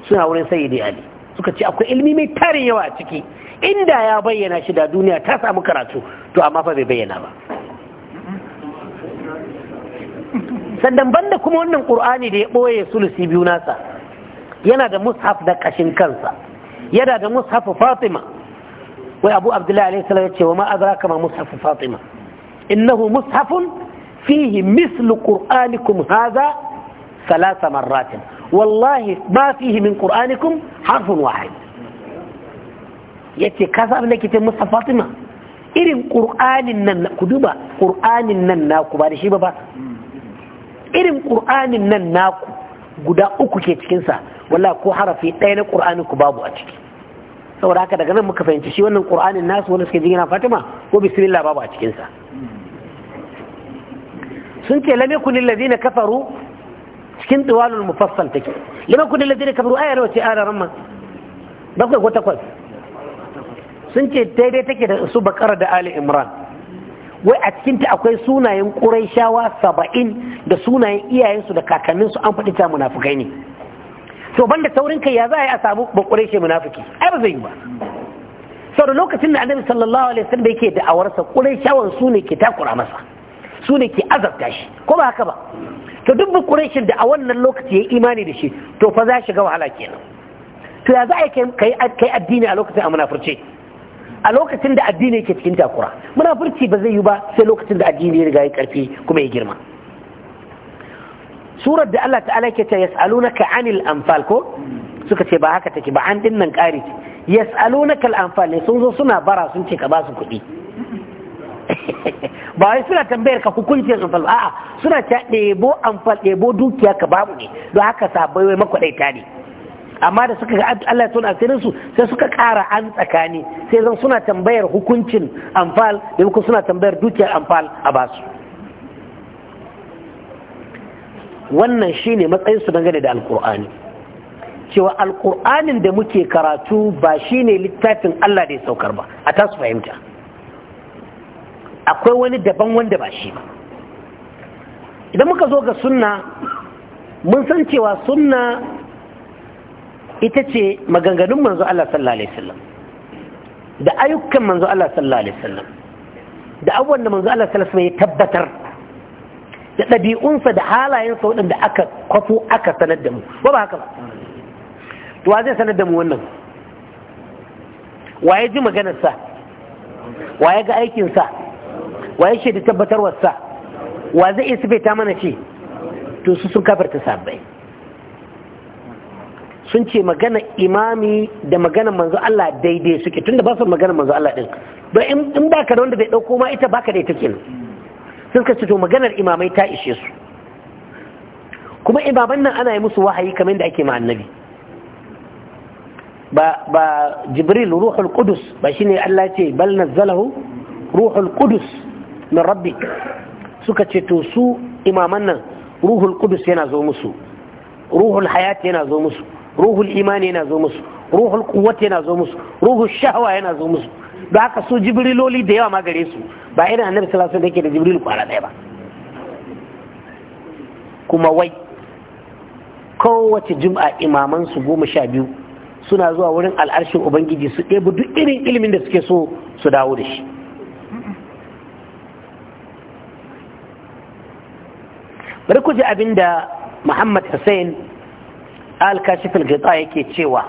suna wurin sayyidi ali suka ce akwai ilmi mai tarin yawa a ciki inda ya bayyana shi da duniya ta samu karatu to amma fa bai bayyana ba sannan banda kuma wannan ƙur'ani da ya ɓoye sulusi biyu nasa yana da mushaf da kashin kansa yana da mushaf fatima wai abu abdullahi alaihi salam yace wa ma adraka ma mushaf fatima innahu mushafun fihi mislu qur'anikum hadha ثلاث مرات والله ما فيه من قرآنكم حرف واحد yace ka sa abin da ke fatima irin ƙur'anin nan ku duba ƙur'anin nan naku ba da shi ba ba irin ƙur'anin nan naku guda uku ke cikinsa wala ko harafi ɗaya na ƙur'anin ku babu a ciki saboda haka daga nan muka fahimci shi wannan ƙur'anin nasu wanda suke jingina fatima ko bismillah babu a cikinsa. sun ce kuni yakun na kafaru cikin diwalul mufassal take kuni yakun na kafaru ayar wace ayar ramma bakwai ko takwas sun ce daidai take da su bakara da ali imran wai a cikin ta akwai sunayen shawa saba'in da sunayen iyayensu da kakanninsu an faɗi ta munafukai ne to banda saurin kai ya za a yi a samu bakure shi munafiki ai ba zai yi ba sau da lokacin da annabi sallallahu alaihi wasallam yake kurai shawan su ne ke takura masa su ne ke azabta shi ko ba haka ba to duk shi da a wannan lokaci yayi imani da shi to fa za shiga wahala kenan to ya za a kai kai addini a lokacin a munafurce a lokacin da addini yake cikin takura munafurci ba zai yi ba sai lokacin da addini ya riga ya karfi kuma ya girma surar da Allah ta'ala ke ce yas'alunaka anil anfal ko suka ce ba haka take ba an dinnan ƙari yas'alunaka al anfal ne sun zo suna bara sun ce ka ba su kuɗi [LAUGHS] ba wai suna tambayar ka hukuncin anfal a'a suna ta ɗebo anfal ɗebo dukiya ka babu ne don haka sabai wai makwaɗaita ne amma da suka ga Allah tun asirin su sai suka ƙara an tsakani sai zan suna tambayar hukuncin anfal da suna tambayar dukiyar anfal a basu wannan shine matsayin su dangane da alkur'ani cewa alkur'anin da muke karatu ba shine littafin Allah da ya saukar ba a tasu fahimta akwai wani daban wanda ba shi ba idan muka zo ga sunna mun san cewa sunna ita ce maganganun manzo Allah sallallahu alaihi wasallam da ayyukan manzo Allah sallallahu alaihi wasallam da abubuwan da manzo Allah sallallahu alaihi wasallam ya tabbatar da ɗabi'unsa da halayen halayensa waɗanda aka kwafo aka sanar da mu ba ba haka ba to wa zai sanar da mu wannan wa ya ji maganarsa Wa ya ga aikinsa Wa ya shaidi tabbatarwarsa wa zai iya ta mana ce to su sun kafarta sabbai sun ce magana imami da magana manzo Allah daidai suke tunda ba su magana manzo Allah din ba in ba ka da wanda bai dauko ma ita baka da ita kenan sun suka to maganar imamai ta ishe su kuma imaman nan ana yi musu wahayi kamar da ake ma ba jibril ruhul kudus ba shine Allah ce bal nazzalahu ruhul kudus min rabbi suka ce to su imaman nan ruhul kudus yana zo musu ruhul hayat yana zo musu ruhul imani yana zo musu ruhul quwwati yana zo musu ruhul shahwa yana zo musu da ka so jibriloli da yawa ma gare su ba irin annabi sallallahu alaihi wasallam da jibril kwara ɗaya ba kuma wai kowace jum'a imaman su goma sha biyu suna zuwa wurin al'arshin ubangiji su ɗebi duk irin ilimin da suke so su dawo da shi bari ku ji abin da muhammad hussein al-kashif al yake cewa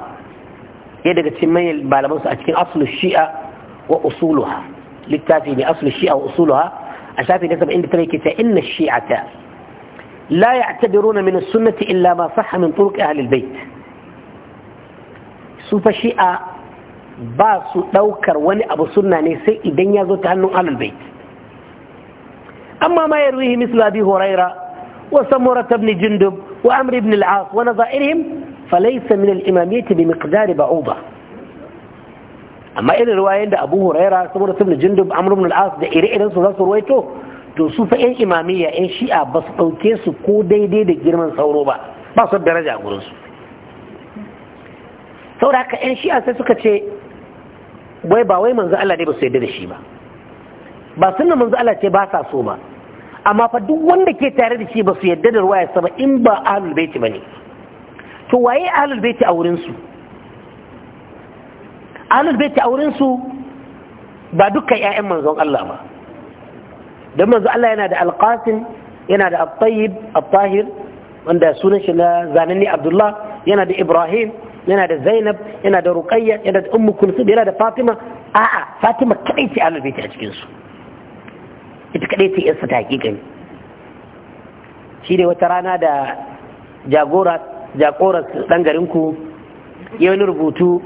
ya daga cikin manyan malamansu a cikin asulun shi'a وأصولها للتاتي بأصل الشيعة وأصولها الشافي نسب عند تريكي فإن الشيعة لا يعتبرون من السنة إلا ما صح من طرق أهل البيت سوف شيعة باس دوكر وني أبو سنة نسي الدنيا زوت تهنو أهل البيت أما ما يرويه مثل أبي هريرة وسمرة بن جندب وأمر بن العاص ونظائرهم فليس من الإمامية بمقدار بعوضة amma irin ruwayen da abu huraira saboda sun jindub amr ibn da ire-iren su za su ruwaito to su fa yan imamiyya yan shi'a ba su ɗauke su ko daidai da girman sauro ba ba su daraja a gurinsu sau saboda haka yan shi'a sai suka ce wai ba wai manzo Allah ne ba su yarda da shi ba ba sunan manzo Allah ce ba sa so ba amma fa duk wanda ke tare da shi ba su yarda da ruwa sa ba in ba ahlul baiti bane to waye ahlul baiti a wurin su ahlul baiti a wurin su ba dukkan ƴaƴan manzon Allah ba don manzon Allah yana da alqasim yana da at-tayyib at wanda sunan shi na zanani Abdullah yana da Ibrahim yana da Zainab yana da Ruqayya yana da Ummu Kulsum yana da Fatima a'a Fatima kadai ce ahlul baiti a cikin su ita kadai ce yarsa ta hakikani shi ne wata rana da jagora jagorar dan garin ku yayin rubutu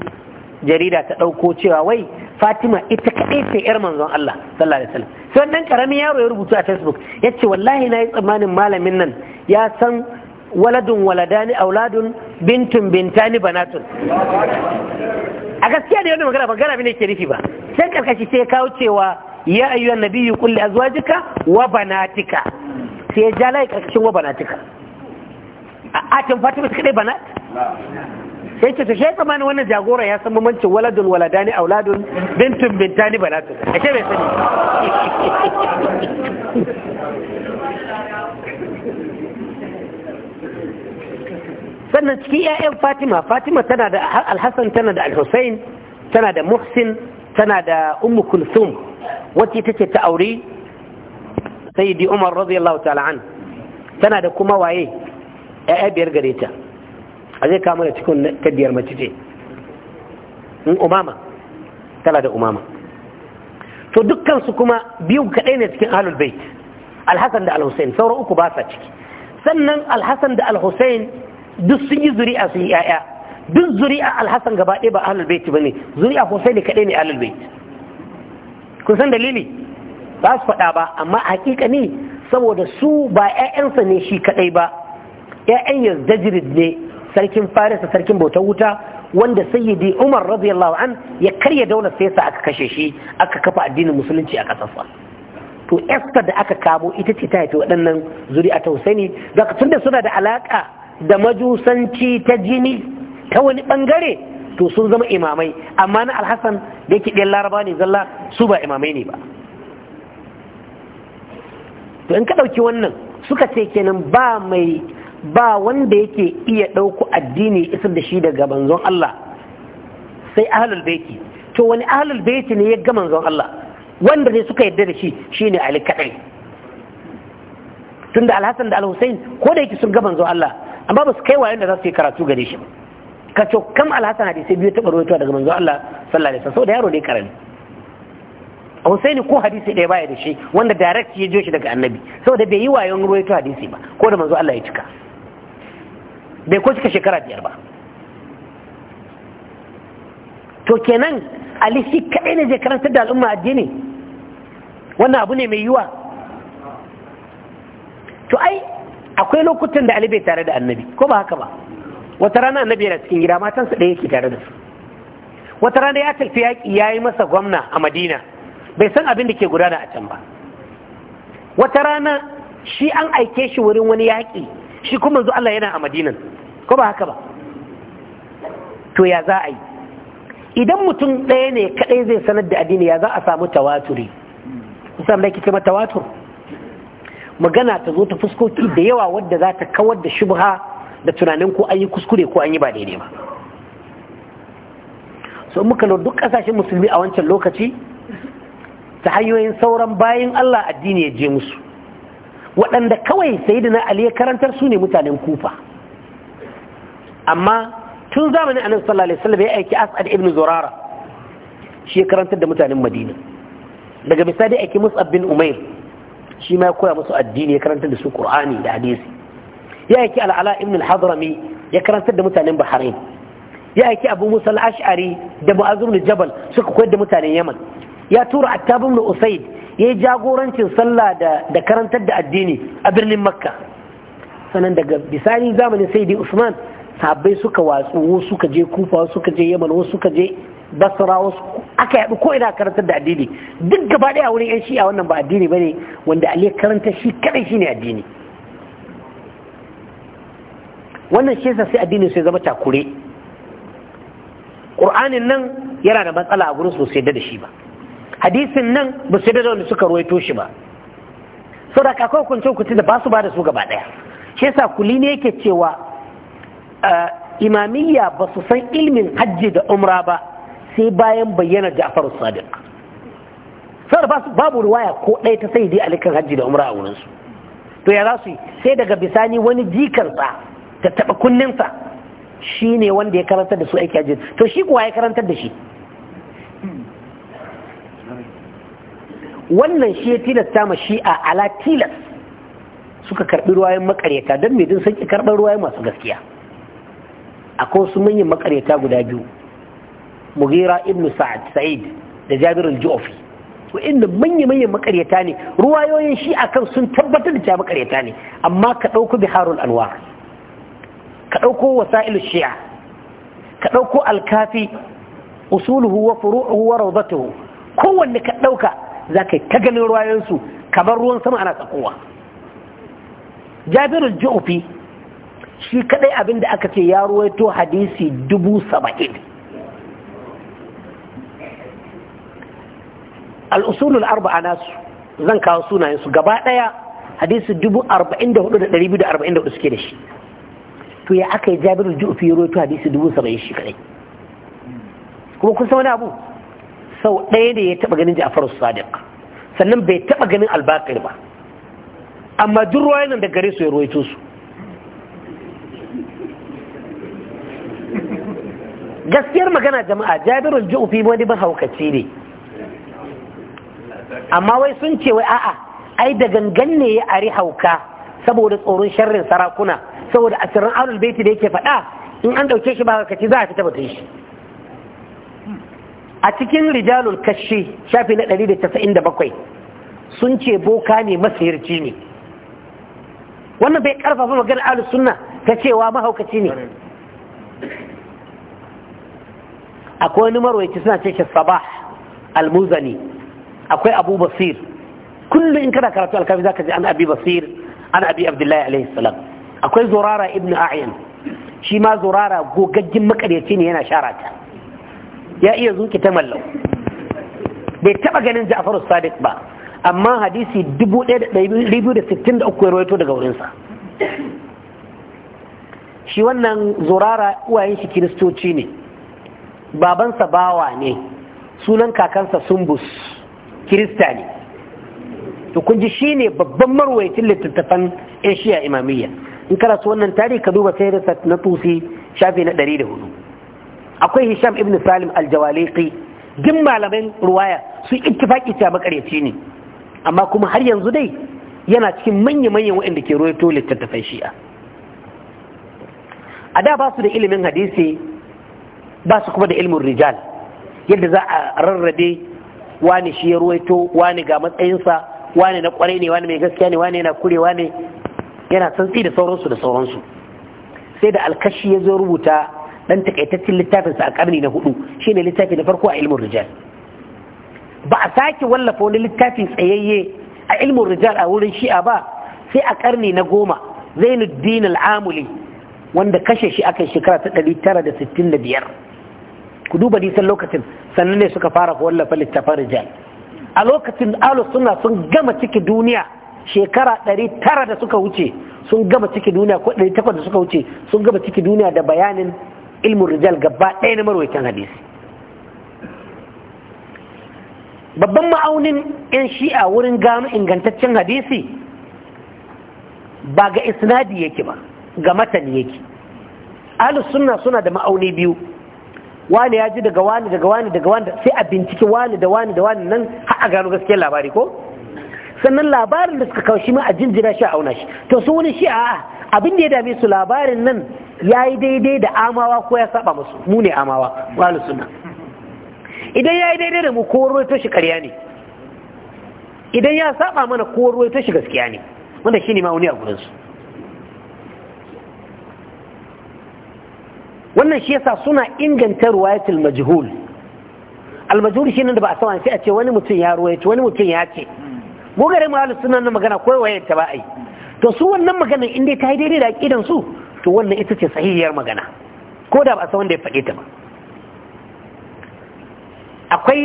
jarida ta ɗauko cewa wai fatima ita kaɗai ce ƴar manzon Allah sallallahu alaihi wasallam sai wannan karamin yaro ya rubuta a facebook ya ce wallahi na yi tsammanin malamin nan ya san waladun waladani auladun bintun bintani banatun a gaskiya da yadda magana ba gara ne ke nufi ba sai karkashi sai kawo cewa ya ayyuhan nabiyyu qul li azwajika wa banatika sai ya ja lai karkashin wa banatika a tin fatima ta kadai banat sai ce ta shi tsammanin wannan jagora ya san mamanci waladun waladani auladun bintun bintani balatun a ke bai sani sannan ciki 'ya'yan fatima fatima tana da alhassan tana da alhussein tana da muhsin tana da ummu kulthum wacce ita ce ta aure sayyidi umar radiyallahu ta'ala an tana da kuma waye 'ya'ya biyar gare ta a zai kama da cikin kadiyar mace ce in umama tana da umama to dukkan su kuma biyu kaɗai ne cikin ahlul bait alhassan da alhussein sauran uku ba sa ciki sannan alhassan da alhussein duk sun yi zuri'a sun yi ya'ya duk zuri'a alhassan gaba ɗaya ba ahlul bait bane zuri'a husaini kaɗai ne ahlul bait kun san dalili ba su faɗa ba amma haƙiƙa ne saboda su ba ƴaƴansa ne shi kaɗai ba 'ya'yan yazdajirid ne sarkin farisa sarkin bautar wuta wanda sayyidi umar radiyallahu an ya karya daular sai sa aka kashe shi aka kafa addinin musulunci a kasarsa to esta da aka kamo ita ce ta haifi waɗannan zuri'a ta husaini da tunda suna da alaka da majusanci ta jini ta wani bangare to sun zama imamai amma na alhassan da yake ɗin laraba ne zalla su ba imamai ne ba to in ka ɗauki wannan suka ce kenan ba mai ba wanda yake iya ɗauku addini isar da shi daga manzon Allah sai ahlul baiti to wani ahlul baiti ne ya ga manzon Allah wanda ne suka yarda da shi shine Ali kadai tunda Al-Hassan da Al-Hussein ko da yake sun ga manzon Allah amma ba su kai wayan da za su yi karatu gare shi ka to kam Al-Hassan hadisi biyu ta barwaito daga manzon Allah sallallahu alaihi wasallam da yaro ne karami Hussein ko hadisi ɗaya baya da shi wanda direct ya jo shi daga annabi saboda bai yi wayon ruwaito hadisi ba ko da manzo Allah ya cika bai ko cika shekara biyar ba to kenan ali shi kaɗai ne zai karantar da al'umma addini wannan abu ne mai yiwa to ai akwai lokutan da ali bai tare da annabi ko ba haka ba wata rana annabi yana cikin gida matansa ɗaya yake tare da su wata rana ya tafi yaƙi ya yi masa gwamna a madina bai san abin da ke gudana a can ba wata rana shi an aike shi wurin wani yaƙi shi kuma zuwa Allah yana a madinan ko ba haka ba to ya za a yi idan mutum ɗaya ne kaɗai zai sanar da addini ya za a samu tawaturi musamman da kike tawatur magana ta zo ta fuskoki da yawa wadda za ta kawar da shubha da tunanin ko an yi kuskure ko an yi ba daidai ba so muka lura duk ƙasashen musulmi a wancan lokaci ta hanyoyin sauran bayan Allah addini ya je musu waɗanda kawai sayidina ali ya karantar su ne mutanen kufa amma tun zamanin annabi sallallahu alaihi wasallam ya aiki as'ad ibn zurara shi ya karantar da mutanen madina daga misali aiki mus'ab bin umair shi ma ya koya musu addini ya karantar da su qur'ani da hadisi ya aiki al'ala ibn al-hadrami ya karantar da mutanen bahrain ya aiki abu musa al-ash'ari da mu'azz jabal suka koyar da mutanen yaman ya tura attab ibn usaid ya yi jagorancin sallah da karantar da addini a birnin makka sannan daga bisani zamanin sai dai usman sabbai suka watsu wasu suka je kufa wasu suka je yaman wasu suka je basra wasu aka yaɗu ko ina karantar da addini duk gaba ɗaya wurin yan shi'a wannan ba addini bane wanda ali karanta shi kadai shine addini wannan shi yasa sai addini sai zama takure qur'anin nan yana da matsala a gurin sosai da shi ba hadisin nan ba su da wanda suka ruwaito shi ba saboda ka akwai hukunce hukunce da ba su ba da su gaba ɗaya shi yasa kuli ne yake cewa imamiyya ba su san ilmin hajji da umra ba sai bayan bayyana ja'far sadiq su babu ruwaya ko ɗaya ta sai dai alikan hajji da umra a wurinsu to ya za su yi sai daga bisani wani jikarsa ta taɓa kunninsa shi ne wanda ya karanta da su aiki hajji to shi kuwa ya karantar da shi wannan shi ya tilasta ma shi'a ala tilas suka karɓi ruwayen makaryata don me din sun ki karɓar ruwayen masu gaskiya akwai wasu manyan makaryata guda biyu mugira ibnu sa'ad sa'id da jabir al-ju'fi inda manya-manyan makaryata ne ruwayoyin shi kan sun tabbatar da cewa makaryata ne amma ka ɗauko biharul anwar ka ɗauko wasa'ilu shi'a ka ɗauko alkafi usuluhu wa furu'uhu wa rawdatuhu kowanne ka ɗauka za ka yi ta ganin ruwayensu kamar ruwan sama ana tsakowa jabirul ju'ufi shi kadai abin da aka ce ya ruwaito hadisi dubu saba'in al'usulul arba'a nasu zan kawo sunayensu gaba daya hadisi dubu arba'in da hudu da dari biyu da arba'in da hudu suke da shi to ya aka yi jabirul ju'ufi ya ruwaito hadisi dubu saba'in shi kadai kuma kun san wani abu sau ɗaya da ya taɓa ganin Ja'far Sadiq sannan bai taɓa ganin albakar ba amma duk ruwa yana da gare su ya ruwaito su gaskiyar magana jama'a Jabirul Ju'fi wani ban haukaci ne amma wai sun ce wai a'a ai da gangan ne ya ari hauka saboda tsoron sharrin sarakuna saboda asirin ahlul baiti da yake faɗa in an ɗauke shi ba haukaci za a fi tabbatar shi a cikin rijalul kashi shafi na 197 sun ce boka ne masayarci ne wannan bai karfafa maganar ahlus sunna ta cewa mahaukaci ne akwai wani marwayaci suna ce shi sabah almuzani akwai abu basir kullum in kana karatu alkafi zaka ji an abi basir an abi abdullahi alaihi salam akwai zurara ibnu a'yan shi ma zurara gogaggin makaryaci ne yana sharata ya iya zuki ta mallau bai taba ganin Ja'far Sadiq ba amma hadisi 1263 ya rawaito daga wurinsa shi wannan zurara uwayen shi kiristoci ne babansa bawa ne sunan kakansa sumbus kirista ne to kun shi ne babban marwaitin littattafan asia imamiyya in kana so wannan tarihi ka duba sai na tusi shafi na 104 akwai hisham ibn salim aljawaliqi duk malamin ruwaya su ittifaki ta makaryaci ne amma kuma har yanzu dai yana cikin manya-manyan waɗanda ke ruwaito littattafai shi'a a da ba su da ilimin hadisi ba su kuma da ilimin rijal yadda za a rarrabe wani shi ya wani ga matsayinsa wani na kwarai ne wani mai gaskiya ne wani yana kurewa ne yana santsi da sauransu da sauransu sai da alkashi ya zo rubuta dan takaitaccen littafin sa a karni na hudu shine littafi na farko a ilmun rijal ba a sake wallafa wani littafin tsayayye a ilmin rijal a wurin shi'a ba sai a karni na goma zainuddin al'amuli wanda kashe shi akan shekara ta 965 ku duba nisan lokacin sannan ne suka fara wallafa littafin rijal a lokacin alu suna sun gama ciki duniya shekara ɗari tara da suka wuce sun gama ciki duniya ko ɗari da suka wuce sun gama ciki duniya da bayanin ilmin rijal gaba ɗaya na marwaitan hadisi babban ma'aunin 'yan shi'a wurin gano ingantaccen hadisi ba ga isnadi yake ba ga matani yake ahlus suna suna da ma'auni biyu wani ya ji daga wani daga wani daga wani sai a binciki wani da wani da wani nan har a gano gaskiyar labari ko sannan labarin da suka kawo shi ma a jinjina shi a auna shi to su wani shi a abin da ya dame su labarin nan ya yi daidai da amawa ko ya saba musu mu ne amawa walu suna idan ya yi daidai da mu ko ruwaito shi karya ne idan ya saba mana ko ruwaito shi gaskiya ne wanda shi ne wani a gurinsu wannan shi yasa suna inganta ruwayatul majhul almajhul shi ne da ba a sawa sai a ce wani mutum ya ruwaito wani mutum ya ce mu gare mu ahlus na magana koyawa wayanta ba ai to su wannan maganar in dai ta yi daidai da aqidan su to wannan ita ce sahihiyar magana ko da ba a san wanda ya faɗe ta ba akwai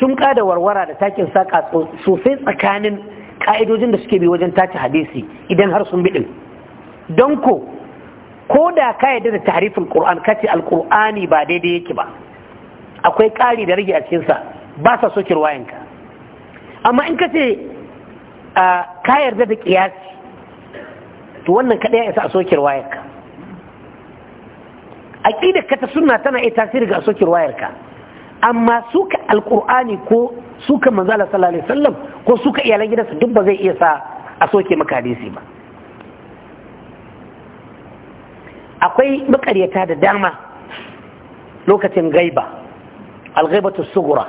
tunka da warwara da takin saƙa sosai tsakanin ƙa'idojin da suke bi wajen tace hadisi idan har sun biɗin don ko ko da ka yarda da tarifin ƙur'an kace alƙur'ani ba daidai yake ba akwai ƙari da rage a cikinsa ba sa soke ruwayanka amma in kace ka yarda da ƙiyasi to wannan kaɗai ya isa a soke wayarka aƙidar ka ta sunna tana iya tasiri ga a soke wayarka amma suka alƙur'ani ko suka manzala sallallahu alaihi wasallam ko suka iyalan gidansa duk ba zai iya sa a soke maka hadisi ba akwai makaryata da dama lokacin gaiba algaibatu sugura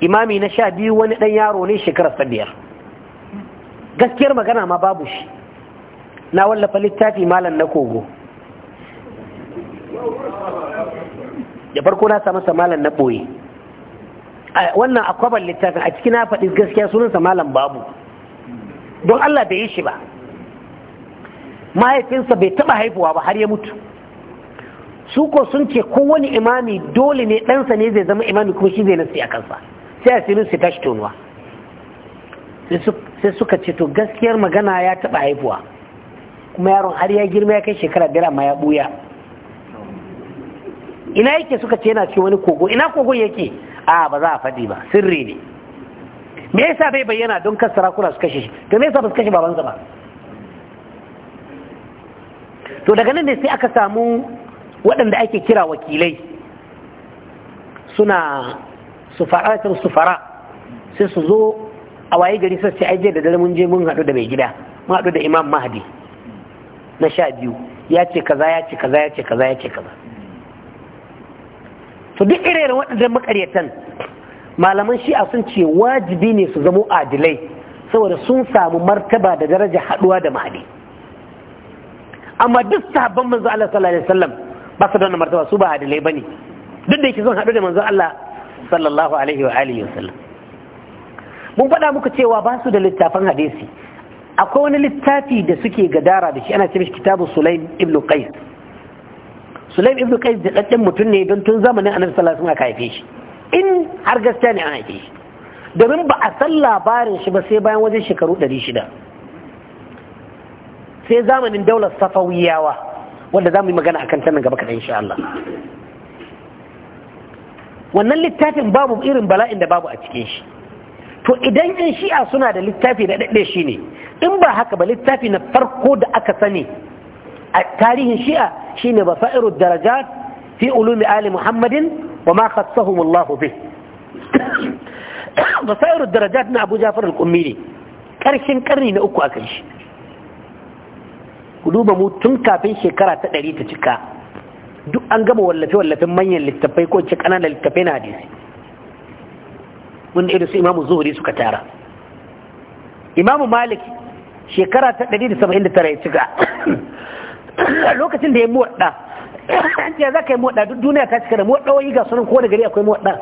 imami na sha biyu wani ɗan yaro ne shekarar sabiyar, gaskiyar magana ma babu shi na wallafa littafi malam na kogo da farko na samu samalan na ɓoye wannan akwabar littafin a cikin na faɗi gaskiya sunansa malam babu don Allah bai yi shi ba mahaifinsa bai taɓa haifuwa ba har ya mutu su ko sun ce kowane imami dole ne ɗansa ne zai zama imami kuma shi zai nasi a kansa sai a sinu su tashi tonuwa sai suka ce to gaskiyar magana ya taɓa haifuwa kuma yaron har ya girma ya kai shekara biyar amma ya buya ina yake suka ce yana ce wani kogo ina kogon yake a ba za a faɗi ba sirri ne me yasa bai bayyana don kan sarakuna su kashe shi to me yasa ba su kashe babansa ba to daga nan ne sai aka samu waɗanda ake kira wakilai suna sufaratar sufara sai su zo a waye gari sai ai jiya da dare mun je mun haɗu da mai gida mun haɗu da imam mahdi na sha biyu ya ce kaza ya ce kaza ya ce kaza ya ce kaza to duk irin waɗannan makaryatan malaman shi'a sun ce wajibi ne su zamo adilai saboda sun samu martaba da daraja haɗuwa da ma'adi amma duk sahabban manzo Allah sallallahu alaihi wasallam ba su da wannan martaba su ba adilai bane duk da yake zan haɗu da manzo Allah sallallahu alaihi wa alihi wasallam mun faɗa muku cewa ba su da littafin hadisi akwai wani littafi da suke gadara da shi ana ce mishi kitabu sulaim ibn qais sulaim ibn qais da ɗanɗan mutum ne don tun zamanin annabi sallallahu alaihi wasallam aka haife shi in har gaskiya ne ana haife shi domin ba a san labarin shi ba sai bayan wajen shekaru 600 sai zamanin daular safawiyawa wanda za mu yi magana akan tannan gaba kaɗan insha Allah wannan littafin babu irin bala'in da babu a cikin shi to idan yan shi'a suna da littafi da ɗaɗɗe shi ne in ba haka ba littafi na farko da aka sani a tarihin shi'a shine basairu Daraja fi ulumi ali muhammadin wa ma khassahum Allah bih [COUGHS] basairu na abu jafar al ne ƙarshen karni na uku kan shi ku duba mu tun kafin shekara ta ɗari ta cika duk an gama wallafe-wallafen manyan littattafai ko ce ƙananan littattafai na hadisi wanda irin su imamu zuhuri suka tara imamu malik shekara ta 179 ya cika [COUGHS] lokacin da ya muwaɗa [COUGHS] an ce za ka yi muwaɗa duk duniya ta cika da wani ga sunan kowane gari akwai muwaɗa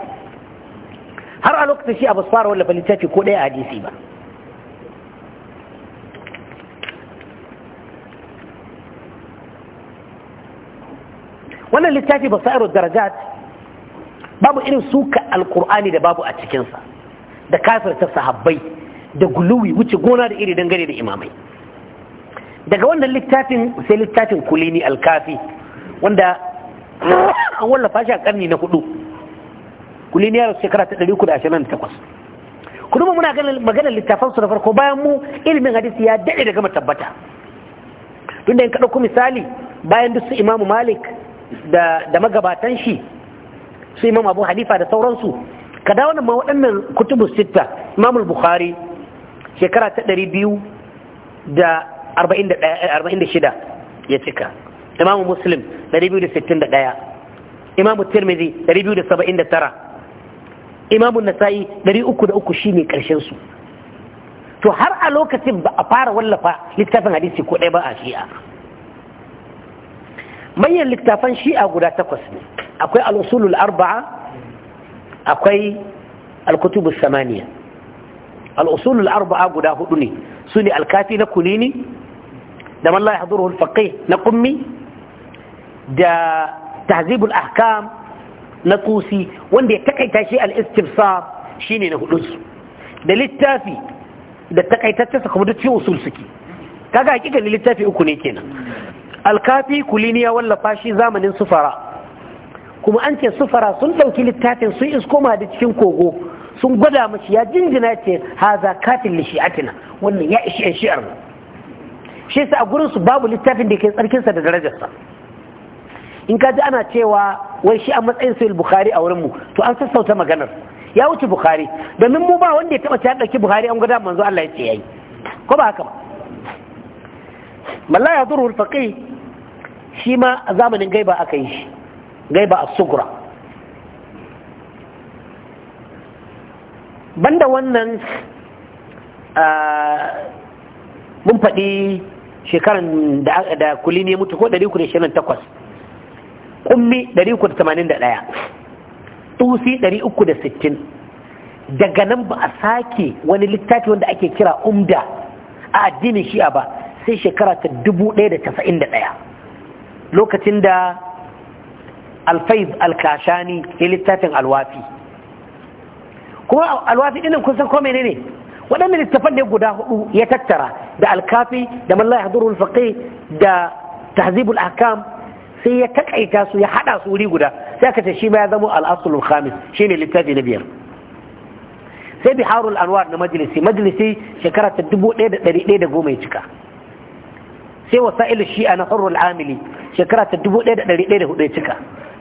har a lokacin shi abu fara wani littafi ko ɗaya a hadisi ba wannan littafi ba sa'irar darajat babu irin suka alkur'ani da babu a cikinsa da kafirta sahabbai da guluwi wuce gona da iri dangane da imamai daga wannan littafin sai littafin kulini alkafi wanda an wallafa shi a karni na hudu kulini ya rasu shekara ta 328 kuma muna ganin maganar littafan su na farko bayan mu ilimin hadisi ya daɗe da gama tabbata tunda in ka ɗauko misali bayan duk su imamu malik da magabatan shi su imam abu hanifa da sauransu ka dawo nan ma waɗannan kutubu sitta imam bukhari shekara ta ɗari biyu da eh, arba'in da shida ya cika imam muslim ɗari biyu da sittin da ɗaya imam tirmidhi ɗari biyu da saba'in da tara imam nasa'i ɗari uku da uku shine karshen su to har a lokacin ba a fara wallafa littafin hadisi ko ɗaya ba a shi'a manyan littafan shi'a guda takwas ne akwai al'usulul arba'a akwai alkutubus samaniya al'usulul arba'a guda hudu ne su ne alkafi na kunini da man la yahduru na kummi da tahzibul ahkam na tusi wanda ya takaita shi al shi ne na hudunsu da littafi da takaitacce kuma duk ciwo usul suke kaga hakikan littafi uku ne kenan alkafi kulini ya wallafa shi zamanin sufara kuma an ce sufara sun ɗauki littafin sun isko ma da cikin kogo sun gwada mashi ya jinjina ce haza katin li atina, wannan ya ishi yan shi'ar mu shi a gurin su babu littafin da ke tsarkinsa da darajarsa in ka ji ana cewa wai shi a matsayin sayil bukhari a mu, to an sassauta maganar ya wuce bukhari domin mu ba wanda ya taɓa ta dauki bukhari an gwada manzo Allah ya ce yayi ko ba haka ba malla ya zuru faƙi shi ma a zamanin gaiba aka yi shi gaiba a sugura banda wannan mun faɗi shekarar da kuli ne mutu ko 328 ƙummi 381 tusi 360 daga nan ba a sake wani littafi wanda ake kira umda a addinin shi'a ba sai shekara ta ɗaya lokacin da alfaiz alkashani ya littafin alwafi kuma alwafi ɗinin kusan ko ne ne waɗanda littafan ne guda hudu ya tattara da alkafi da mallaya hadurul faqih da tahzibul ahkam sai ya takaita su ya haɗa su wuri guda sai aka ce shi ma ya zama al-aslul shi ne littafi na biyar sai biharul anwar na majalisi majalisi shekara ta goma ya cika sai wasa'il shi'a na hurrul amili shekara ta 1104 ya cika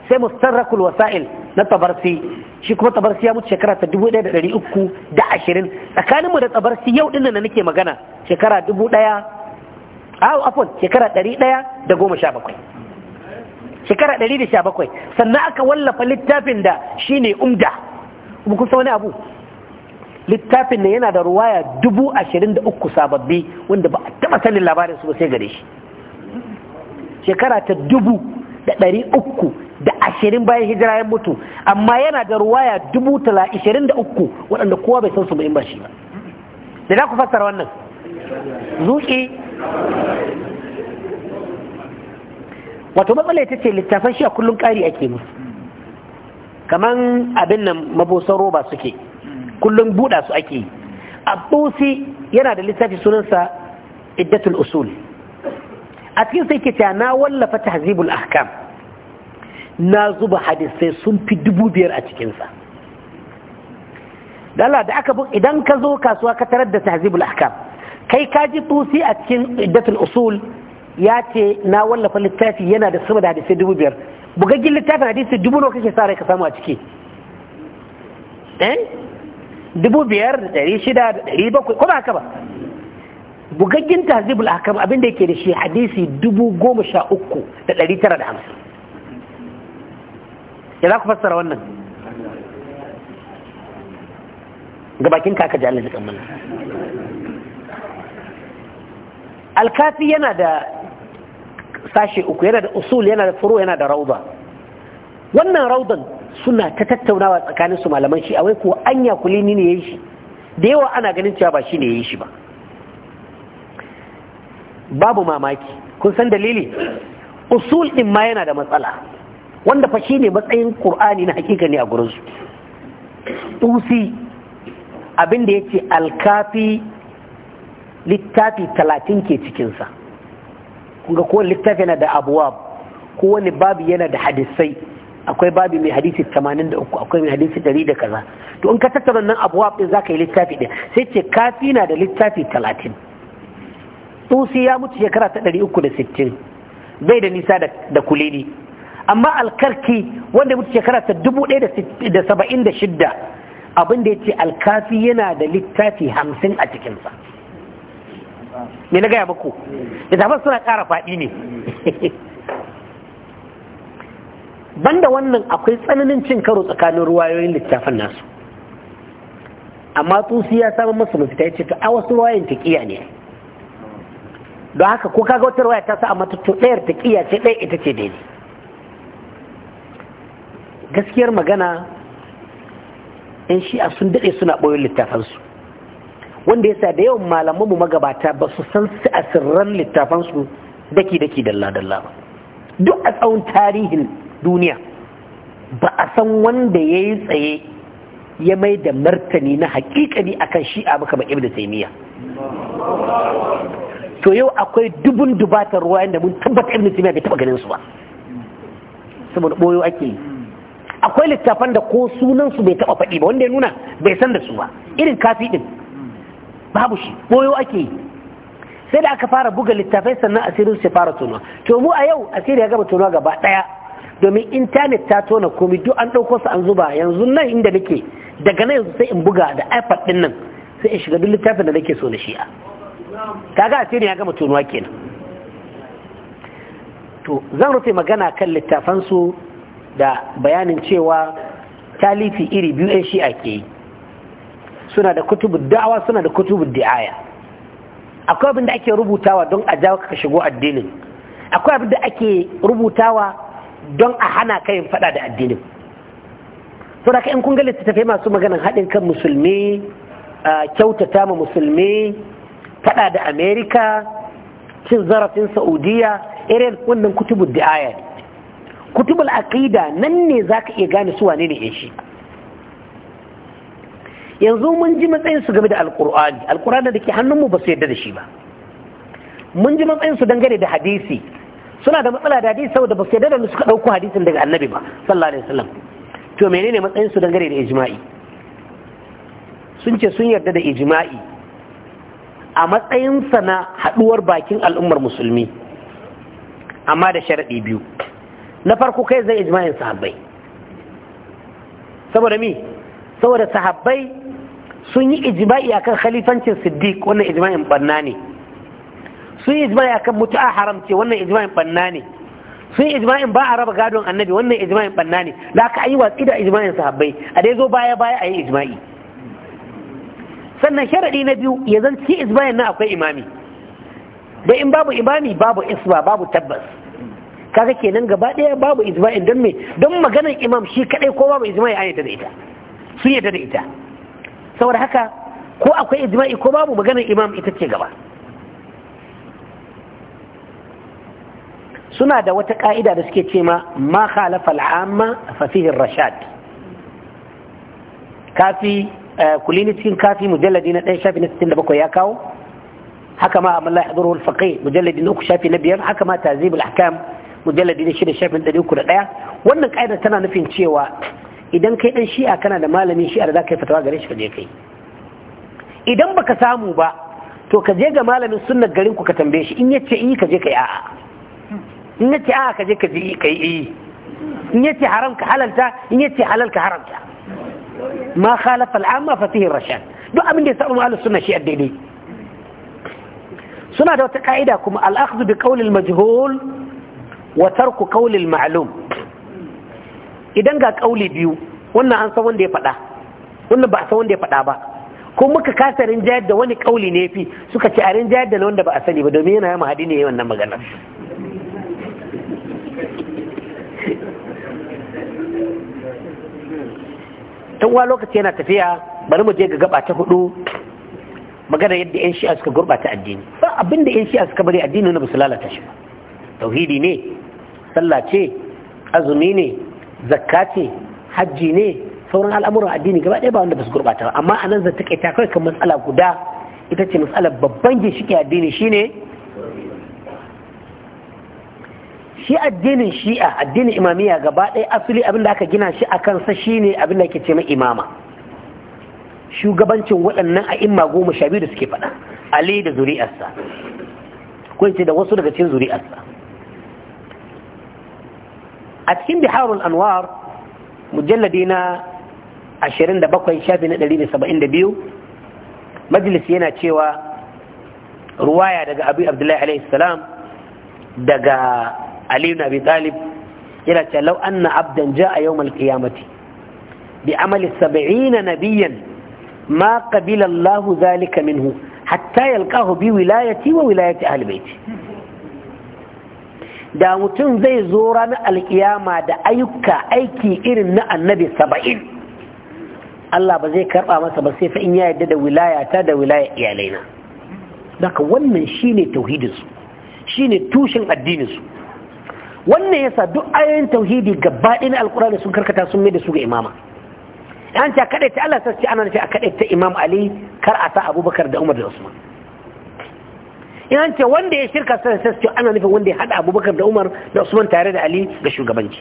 sai mustarrakul wasa'il na tabarsi shi kuma tabarsi ya mutu shekara ta 1320 tsakaninmu da tabarsi yau dinnan da nake magana shekara 1000 awo afon shekara 117 shekara 117 sannan aka wallafa littafin da shine umda kuma kusa wani abu littafin ne yana da ruwaya dubu ashirin da uku sababbi wanda ba a taɓa sanin labarin su ba sai gare shi shekara ta dubu da ɗari uku da ashirin bayan hijira ya mutu amma yana da ruwaya dubu tala ashirin da uku waɗanda kowa bai san su ba shi ba da za ku fassara wannan zuƙi wato matsala ta ce littafan shi a kullum ƙari ake musu kaman abin nan mabosan roba suke kullum buɗa su ake yi abusi yana da littafi sunansa iddatul usul a cikin sai ke na wallafa tahzibul ahkam na zuba hadisai sun fi dubu biyar a cikinsa dala da aka idan ka zo kasuwa ka tarar da tahzibul ahkam kai ka ji tusi a cikin iddatul usul ya ce na wallafa littafi yana da sama da hadisai dubu biyar bugaggin littafin hadisai dubu nawa kake sa rai ka samu a ciki eh dubu biyar da ɗari shida da ɗari bakwai ko ba haka ba bugaggin tazibul akam abinda yake da shi hadisi dubu goma sha uku da ɗari tara da hamsin ya za ku fassara wannan ga bakin ka aka ji Allah zikan mana alkafi yana da sashe uku yana da usul yana da furo yana da rauda wannan raudan suna ta tattaunawa tsakanin su malaman shi wai ko anya kulini ne yi shi da yawa ana ganin cewa ba shi ne ya yi shi ba babu mamaki kun san dalili usul din ma yana da matsala wanda fa shi ne matsayin Kur'ani na hakika ne a gurinsu. su tusi abin da yace alkafi littafi talatin ke cikinsa kunga kowane littafi yana da abuwa kowane babu yana da hadisai akwai babi mai hadisi 83 akwai mai hadisi 100 da kaza to in ka tattara nan abuwa din zaka yi littafi din sai ce kafi na da littafi 30 tusi ya mutu shekara ta 360 bai da nisa da kuleni amma alkarki wanda mutu shekara ta 1076 abin da ya ce alkafi yana da littafi 50 a cikinsa me na gaya muku da suna ƙara faɗi ne [LAUGHS] banda wannan akwai tsananin cin karo tsakanin ruwayoyin littafin nasu amma tusi ya samu masu mafita ya ce ta a wasu ruwayoyin taƙiya ne don haka ko kaga wata ruwaya ta sa a to ɗayar taƙiya ce ɗaya ita ce daidai gaskiyar magana in shi'a sun daɗe suna ɓoyin littafansu wanda ya sa da yawan mu magabata ba su san sirran littafansu daki-daki dalla-dalla ba duk a tsawon tarihin duniya ba a san wanda ya yi tsaye ya mai da martani na hakikani akan shi'a ba ibn taimiyya to yau akwai dubun dubatar ruwa yadda mun tabbata ibn taimiyya bai taba ganin su ba saboda boyo ake yi akwai littafan da ko sunan su bai taba faɗi ba wanda ya nuna bai san da su ba irin kafi din babu shi boyo ake yi sai da aka fara buga littafai sannan asirin su fara tonuwa to mu a yau asiri ya gaba tonuwa gaba ɗaya domin intanet ta tona komi duk an ɗauko su an zuba yanzu nan inda nake daga nan yanzu sai in buga da ipad ɗin nan sai in shiga duk littafin da nake so na shi'a kaga asiri ya gama tonuwa kenan to zan rufe magana kan littafan su da bayanin cewa talifi iri biyu yan shi'a ke yi suna da kutubu da'awa suna da kutubu di'aya akwai abin da ake rubutawa don a jawo ka shigo addinin akwai abin da ake rubutawa don a hana kayan fada da addinin so da in kun ga littattafai masu maganin haɗin kan musulmi kyautata ma musulmi fada da amerika cin zarafin saudiya irin wannan kutubun da'aya ne kutubul aqida nan ne zaka iya gane su wane ne ya shi yanzu mun ji matsayin game da alkur'ani alqur'ani da ke hannunmu ba su yadda da shi ba mun ji matsayin su dangane da hadisi suna da matsala da hadisi saboda ba su yarda da suka ɗauko hadisin daga annabi ba sallallahu alaihi wasallam to menene matsayin su dangare da ijma'i sun ce sun yarda da ijma'i a matsayin sa na haduwar bakin al'ummar musulmi amma da sharadi biyu na farko kai zai ijma'in sahabbai saboda mi saboda sahabbai sun yi ijma'i akan khalifancin siddiq wannan ijma'in banna ne sun yi ijma'i akan mutu'a haram ce wannan ijma'in banna ne sun yi ijma'in ba a raba gadon annabi wannan ijma'in banna ne da aka yi watsi da ijma'in sahabbai a dai zo baya baya a yi ijma'i sannan sharaɗi na biyu ya zan ci ijma'in nan akwai imami da in babu imami babu isba babu tabbas kaga kenan gaba ɗaya babu ijma'in don me don maganar imam shi kaɗai ko babu ijma'i an yadda da ita sun yadda da ita saboda haka ko akwai ijma'i ko babu maganar imam ita ce gaba suna da wata ƙa'ida da suke ce ma ma khalafa al'amma fa fihi rashad kafi eh, kulini cikin kafi mujalladi na 1 shafi na 67 ya kawo haka ma amma la yahduru al-faqih mujalladi na 3 shafi na biyar, haka ma tazib al-ahkam mujalladi na shida shafi na uku ɗaya. wannan ka'ida tana nufin cewa idan kai dan shi'a kana da malamin shi'a da zaka yi fatawa gare shi ka je kai idan baka samu ba to ka je ga malamin sunnar garin ku ka tambaye shi in yace yi ka je ka yi a'a in yace kaje ka je ka ji kai yi in yace haram ka halalta in yace halal haramta ma khalafa al'amma fasihin fihi rashad duk abin da ya samu ahlus suna shi daidai suna da wata ka'ida kuma al-akhdhu bi qawli al-majhul wa tarku qawli malum idan ga kauli biyu wannan an san wanda ya faɗa wannan ba a san wanda ya faɗa ba ko muka kasa rinjayar da wani kauli ne fi suka ce a rinjayar da wanda ba a sani ba domin yana yi mahadi ne wannan maganar uwa lokaci yana tafiya bari mu je ga gaba ta hudu magana yadda yan shi'a suka gurbata addini ba abin yan shi'a suka bari addini na ba su shi ba tauhidi ne sallah ce azumi ne zakka ce hajji ne sauran al'amuran addini gaba ɗaya ba wanda ba su gurbata ba amma anan zan take ta kawai kan matsala guda ita ce matsalar babban ginshiki addini shine shi addinin shi'a addinin imamiyya gaba ɗaya asali abin da aka gina shi a kan sa shi ne abin da ke ce imama shugabancin waɗannan a imma goma sha biyu da suke faɗa ali da zuri'arsa ko ce da wasu daga cikin zuri'arsa a cikin biharul anwar mujalladi na 27 shafi na 172 majalis yana cewa ruwaya daga abu abdullahi alaihi salam daga ali ibn abi talib yana ce law anna abdan ja'a yawm al-qiyamati bi amali 70 nabiyyan ma qabila Allah zalika minhu hatta yalqahu bi wilayati wa wilayati ahli baiti da mutum zai zo ranar alkiyama da ayyuka aiki irin na annabi saba'in Allah ba zai karɓa masa ba sai fa in ya yarda da wilaya ta da wilaya iyalaina daga wannan shine tauhidinsu shine tushen addininsu wannan yasa duk ayoyin tauhidi gaba ɗaya na alkurani sun karkata sun mai da su ga imama an ce a kaɗai ta Allah sassi ana nufi a kaɗai ta imam ali kar a sa abubakar da umar da usman in ce wanda ya shirka sai sassi ana nufin wanda ya haɗa abubakar da umar da usman tare da ali ga shugabanci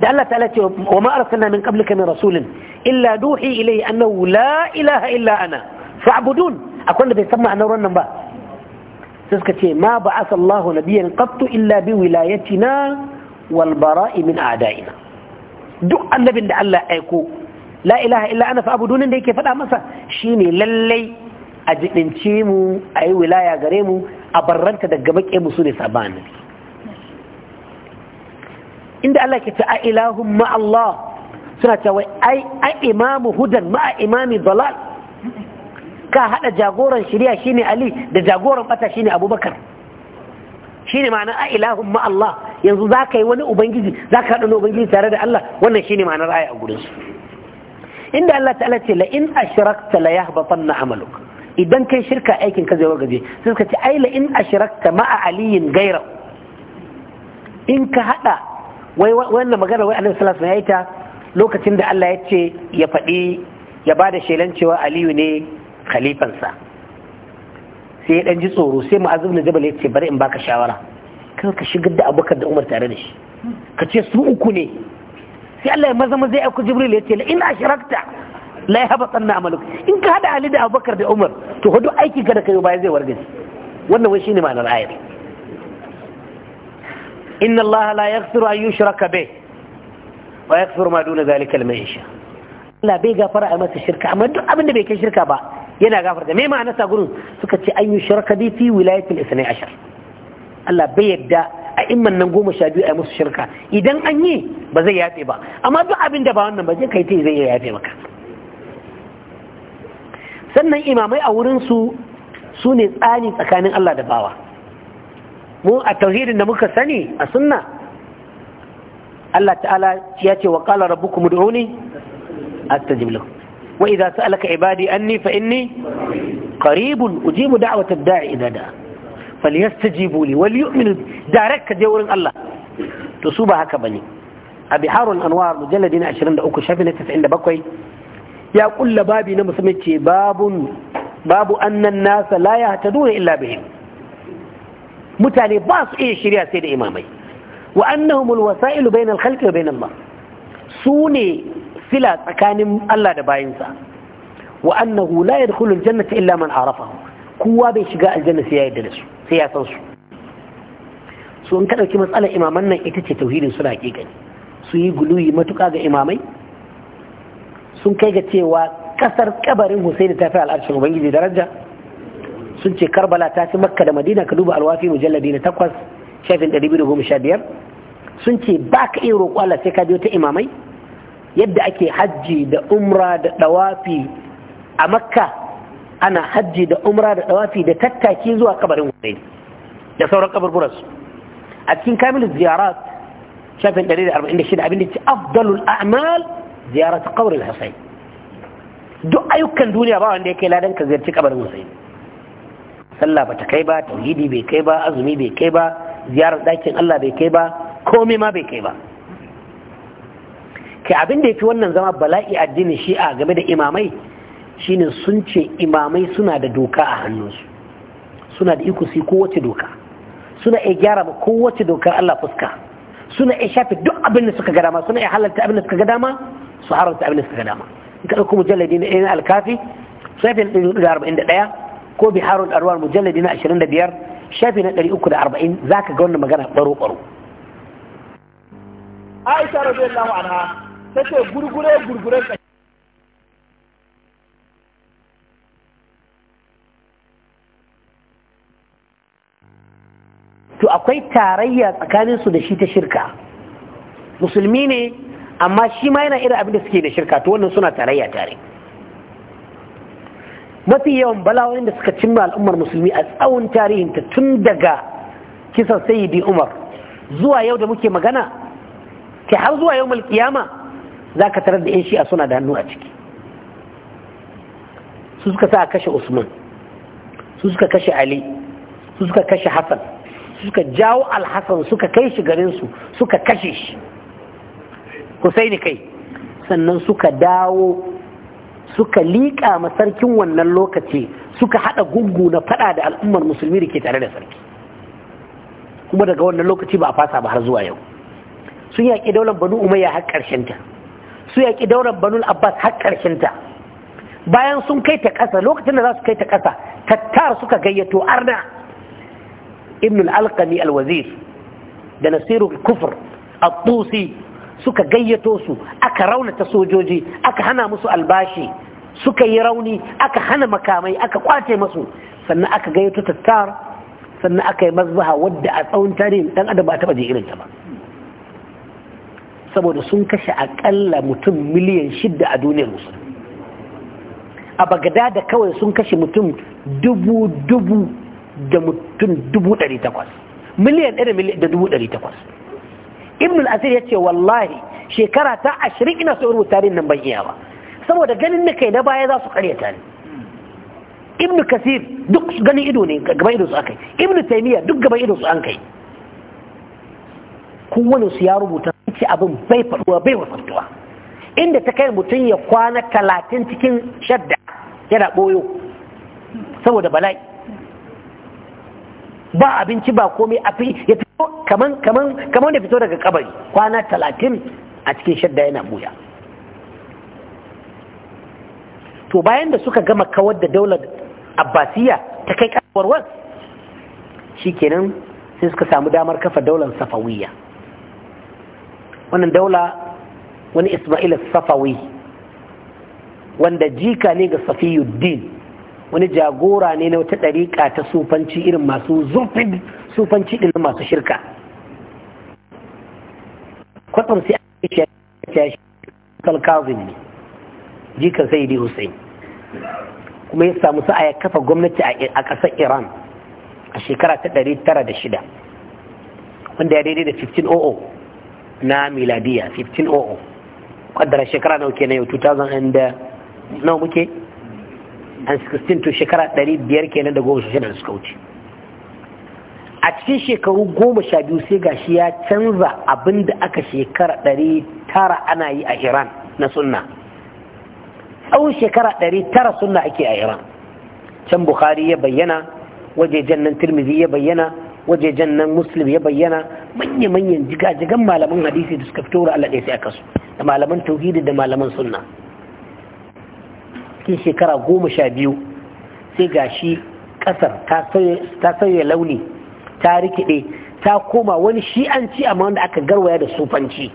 da Allah ta ce wa ma arsalna min qablika min rasulin illa duhi ilayhi annahu la ilaha illa ana fa'budun akwai da bai san ma'anar wannan ba sai suka ce ma ba'atha Allahu biyan qattu illa bi wilayatina wal bara'i min a'da'ina duk annabin da Allah ya aiko la ilaha illa ana fa abudunin da yake faɗa masa shine lallai a jibince mu a yi wilaya gare mu a barranta daga maƙe mu su ne inda Allah ke ce a ilahun ma Allah suna cewa ai imamu hudan ma imami dalal ka haɗa jagoran shirya shine Ali da jagoran bata shine Abubakar shine ma'anar a ilahun Allah yanzu za ka yi wani ubangiji za ka haɗa ubangiji tare da Allah wannan shine ma'anar aya a gurinsu inda Allah ta'ala ce la in ashrakta la yahbatanna amaluk idan kai shirka aikin ka zai wargaje sai suka ce ai la in ashrakta ma'a aliyin gaira in ka haɗa wai wannan magana wai Annabi sallallahu alaihi wasallam ya yi ta lokacin da Allah ya ce ya faɗi ya ba da shelan cewa Aliyu ne khalifansa sai ya ji tsoro sai mu'az ibn jabal ya ce bari in baka shawara kar ka shigar da abokan da umar tare da shi ka ce su uku ne sai Allah ya maza maza ya ku jibril ya ce la in ashrakta la a amaluk in ka hada ali da abubakar da umar to hudu aiki ka da kai baya zai wargaje wannan wai shine ma'anar ayar inna Allah la yaghfiru an yushraka bih wa yaghfiru ma duna zalika liman yasha Allah bai gafara a masa shirka amma duk abin da bai kai shirka ba yana gafarta me ma'ana sa gurin suka ce an yi shirka bi fi wilayatul isnai ashar Allah bai yadda a imman nan goma sha biyu a musu shirka idan an yi ba zai yafe ba amma duk abin da ba wannan ba zai kai ta zai yafe maka sannan imamai a wurin su su ne tsani tsakanin Allah da bawa mu a tauhidin da muka sani a sunna Allah ta'ala ya ce wa qala rabbukum ud'uni astajib lakum wa su alaka ibadi anni fa inni qaribun ujibu da'wata da'i idza da falyastajibu li wal yu'minu direct ka je wurin Allah to su ba haka bane a biharul anwar mujalladi na 23 shafi na 97 ya kulla babi na musamman ce babu annan nasa la yahtaduna illa bihim mutane ba su iya shirya sai da imamai wa annahum bainal khalqi wa bainal sila tsakanin Allah da bayinsa wa annahu la yadkhulu aljannata illa man arafahu kowa bai shiga aljanna sai ya yarda da su sai ya san su su in ka dauki matsalar imaman nan ita ce tauhidin su da hakika su yi guluyi matuka ga imamai sun kai ga cewa kasar kabarin Husaini ta fi al'arshin Ubangiji daraja sun ce Karbala ta fi Makka da Madina ka duba alwafi mujalladi na takwas shafin 215 sun ce ba ka iya roƙo Allah sai ka biyo ta imamai yadda ake hajji da umra da dawafi a makka ana hajji da umra da dawafi da tattaki zuwa kabarin husayn da sauran kaburburan su a cikin kamilu ziyarat shafin 146 abinda ce afdalul a'mal ziyarat kabarin husayn duk ayyukan duniya ba wanda ya kai ladan ka ziyarci kabarin husayn sallah ta kai ba tauhidi bai kai ba azumi bai kai ba ziyarar dakin Allah bai kai ba komai ma bai kai ba kai abin da ya fi wannan zama bala'i addinin shi'a game da imamai shine sun ce imamai suna da doka a hannunsu suna da iko su kowace doka suna iya gyara ba kowace dokar Allah fuska suna iya shafe duk abin da suka ga dama suna iya halarta abin da suka ga dama su haramta abin da suka ga dama in ka ɗauko mujalladi na ɗaya na alkafi shafi na ɗari da arba'in da ɗaya ko biharun arwar mujalladi na ashirin da biyar shafi na ɗari uku da arba'in za ka ga wannan magana ɓaro-ɓaro. Aisha radiyallahu anha ta ce gurgure gurguren to akwai tarayya tsakaninsu da shi ta shirka musulmi ne amma shi ma yana irin abin da suke da shirka to wannan suna tarayya tare mafi yawan bala'o'in da suka cimma al'ummar musulmi a tsawon tarihinta tun daga kisan sayyidi umar zuwa yau da muke magana ke har zuwa yau mulkiyama za ka tarar da 'yan shi'a suna da hannu a ciki su suka sa a kashe usman su suka kashe ali su suka kashe hassan su suka jawo alhassan suka kai shi garinsu suka kashe shi ni kai sannan suka dawo suka liƙa ma sarkin wannan lokaci suka haɗa gungu na faɗa da al'ummar musulmi da ke tare da sarki kuma daga wannan lokaci ba a fasa ba har zuwa yau sun yaƙi daular banu umayya har ƙarshenta su yaƙi daular banul abbas har ta bayan sun kai ta ƙasa lokacin da za su kai ta ƙasa tattar suka gayyato arna ibn al-alqami al-wazir da nasiru kufur at suka gayyato su aka raunata sojoji aka hana musu albashi suka yi rauni aka hana makamai aka kwace masu sannan aka gayyato tattara, sannan aka yi mazbaha wadda a tsawon tarihin dan adam ba a taba je irin ta ba saboda sun kashe akalla mutum miliyan shidda a duniyar musulmi a bagada da kawai sun kashe mutum dubu dubu da mutum dubu ɗari takwas miliyan ɗari da dubu ɗari takwas ibn al-asir ya ce wallahi shekara ta ashirin ina so rubuta tarihin nan ban iya ba saboda ganin na kai na baya za su karyata ni ibn kasir duk ganin ido ne gaban ido su aka yi ibn taymiya duk gaban ido su an kai kowane su ya rubuta ce abin bai faɗuwa bai wasantuwa inda ta kai mutum ya kwana talatin cikin shadda yana ɓoyo saboda bala'i ba abinci ba komai a fi ya fito kaman da fito daga kabari kwana talatin a cikin shadda yana buya to bayan da suka gama kawar da daular abbasiya ta kai shi kenan sai suka samu damar kafa daular safawiyya wannan daula wani ismail safawi wanda jika ne ga safiyuddin wani jagora ne na wata ɗariƙa ta sufanci irin masu zurfin sufanci ɗin masu shirka kwatsam sai a ya shi kalkazin ne jikan sai di hussein kuma ya samu sa'a ya kafa gwamnati a ƙasar iran a shekara ta ɗari tara da shida, wanda ya daidai da 1500 na miladiya 1500 kaddara shekara nawa kenan yau 2000 and nawa muke an 16 to shekara 500 kenan da goma shekara da suka wuce a cikin shekaru goma sha biyu sai gashi ya canza abinda aka shekara 900 tara ana yi a iran na sunna tsawon shekara 900 tara sunna ake a iran can bukhari ya bayyana wajejen nan turmizi ya bayyana wajejen nan muslim ya bayyana manya-manyan jigajigan malaman hadisi da suka fito Allah ɗaya sai aka su da malaman tauhidi da malaman sunna cikin shekara goma sha biyu sai gashi ƙasar ta sauya launi ta rikide ta koma wani shi'anci amma wanda aka garwaya da sufanci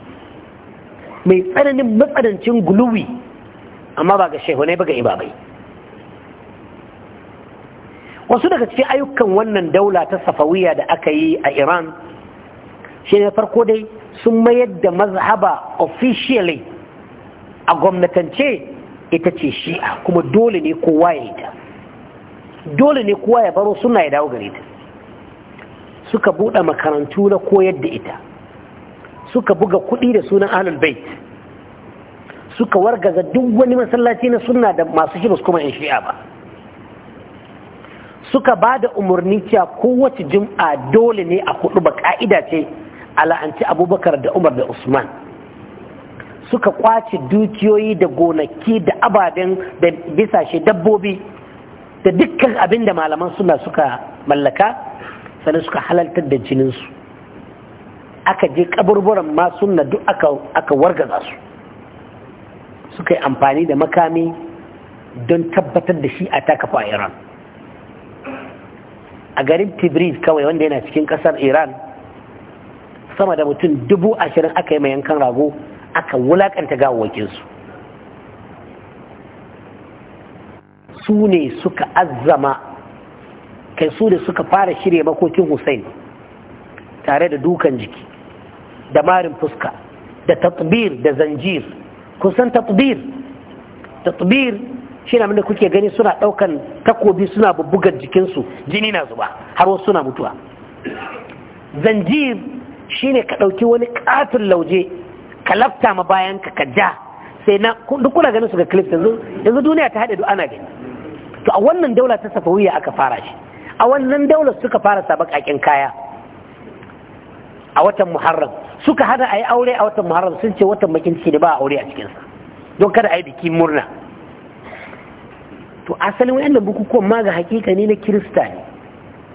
mai tsananin matsanancin guluwi amma ba ga ne ba ga ibabai wasu daga cikin ayyukan wannan daula ta safawiya da aka yi a iran shi ne farko dai sun mayar da mazhaba officially a gwamnatance ita ce shi'a kuma dole ne kowa ya ita dole ne kowa ya baro suna ya dawo gare ta suka buɗe makarantu na koyar da ita suka buga kuɗi da sunan ahlul bait suka wargaza duk wani masallaci na sunna da masu shi kuma in shi'a ba suka ba da umarni cewa kowace jum'a dole ne a huɗu ba ka'ida ce ala'anci abubakar da umar da usman suka kwace dukiyoyi da gonaki da ababen da bisashe dabbobi da dukkan abin da malaman suna suka mallaka sannan suka halaltar da jininsu aka je kaburburan ma suna duk aka wargaza su suka yi amfani da makami don tabbatar da shi a takafa iran a garin tibriz kawai wanda yana cikin kasar iran sama da mutum dubu ashirin aka yi mayankan yankan rago aka wulakanta gawawakinsu su ne suka azzama kai su da suka fara shirya makokin hussain tare da dukan jiki da marin fuska da tatbir da zanjir kusan tatbir tatbir shi na kuke gani suna ɗaukan takobi suna bubbugar jikinsu jini na zuba har wasu suna mutuwa zanjir Shi ne ka ɗauki wani ƙatin lauje ka lafta ma bayan ka ja sai na duk kuna ganin su ga clip yanzu yanzu duniya ta haɗe duk ana gani to a wannan daula ta safawiyya aka fara shi a wannan daular suka fara sabakakin kaya a watan muharram suka hada a yi aure a watan muharram sun ce watan bakin ne ba a aure a cikinsa don kada a yi bikin murna to asalin wayannan bukukuwan ma ga hakika ne na kirista ne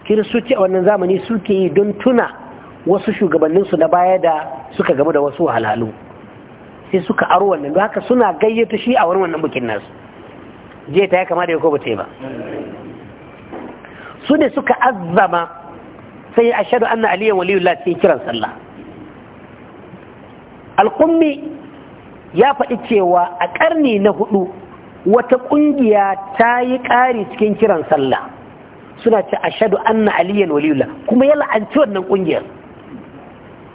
kiristoci a wannan zamani suke yi don tuna wasu shugabanninsu na baya da suka gamu da wasu halalu sai suka aro wannan don haka suna gayyata shi a wani wannan bukin nasu je ta ya kama da ya ko ta yi ba su ne suka azzama sai ya ashadu anna aliyan waliyullah cikin kiran sallah alƙummi ya faɗi cewa a ƙarni na hudu wata ƙungiya ta yi ƙari cikin kiran sallah suna ce ashadu anna aliyan waliyullah kuma an ci wannan ƙungiyar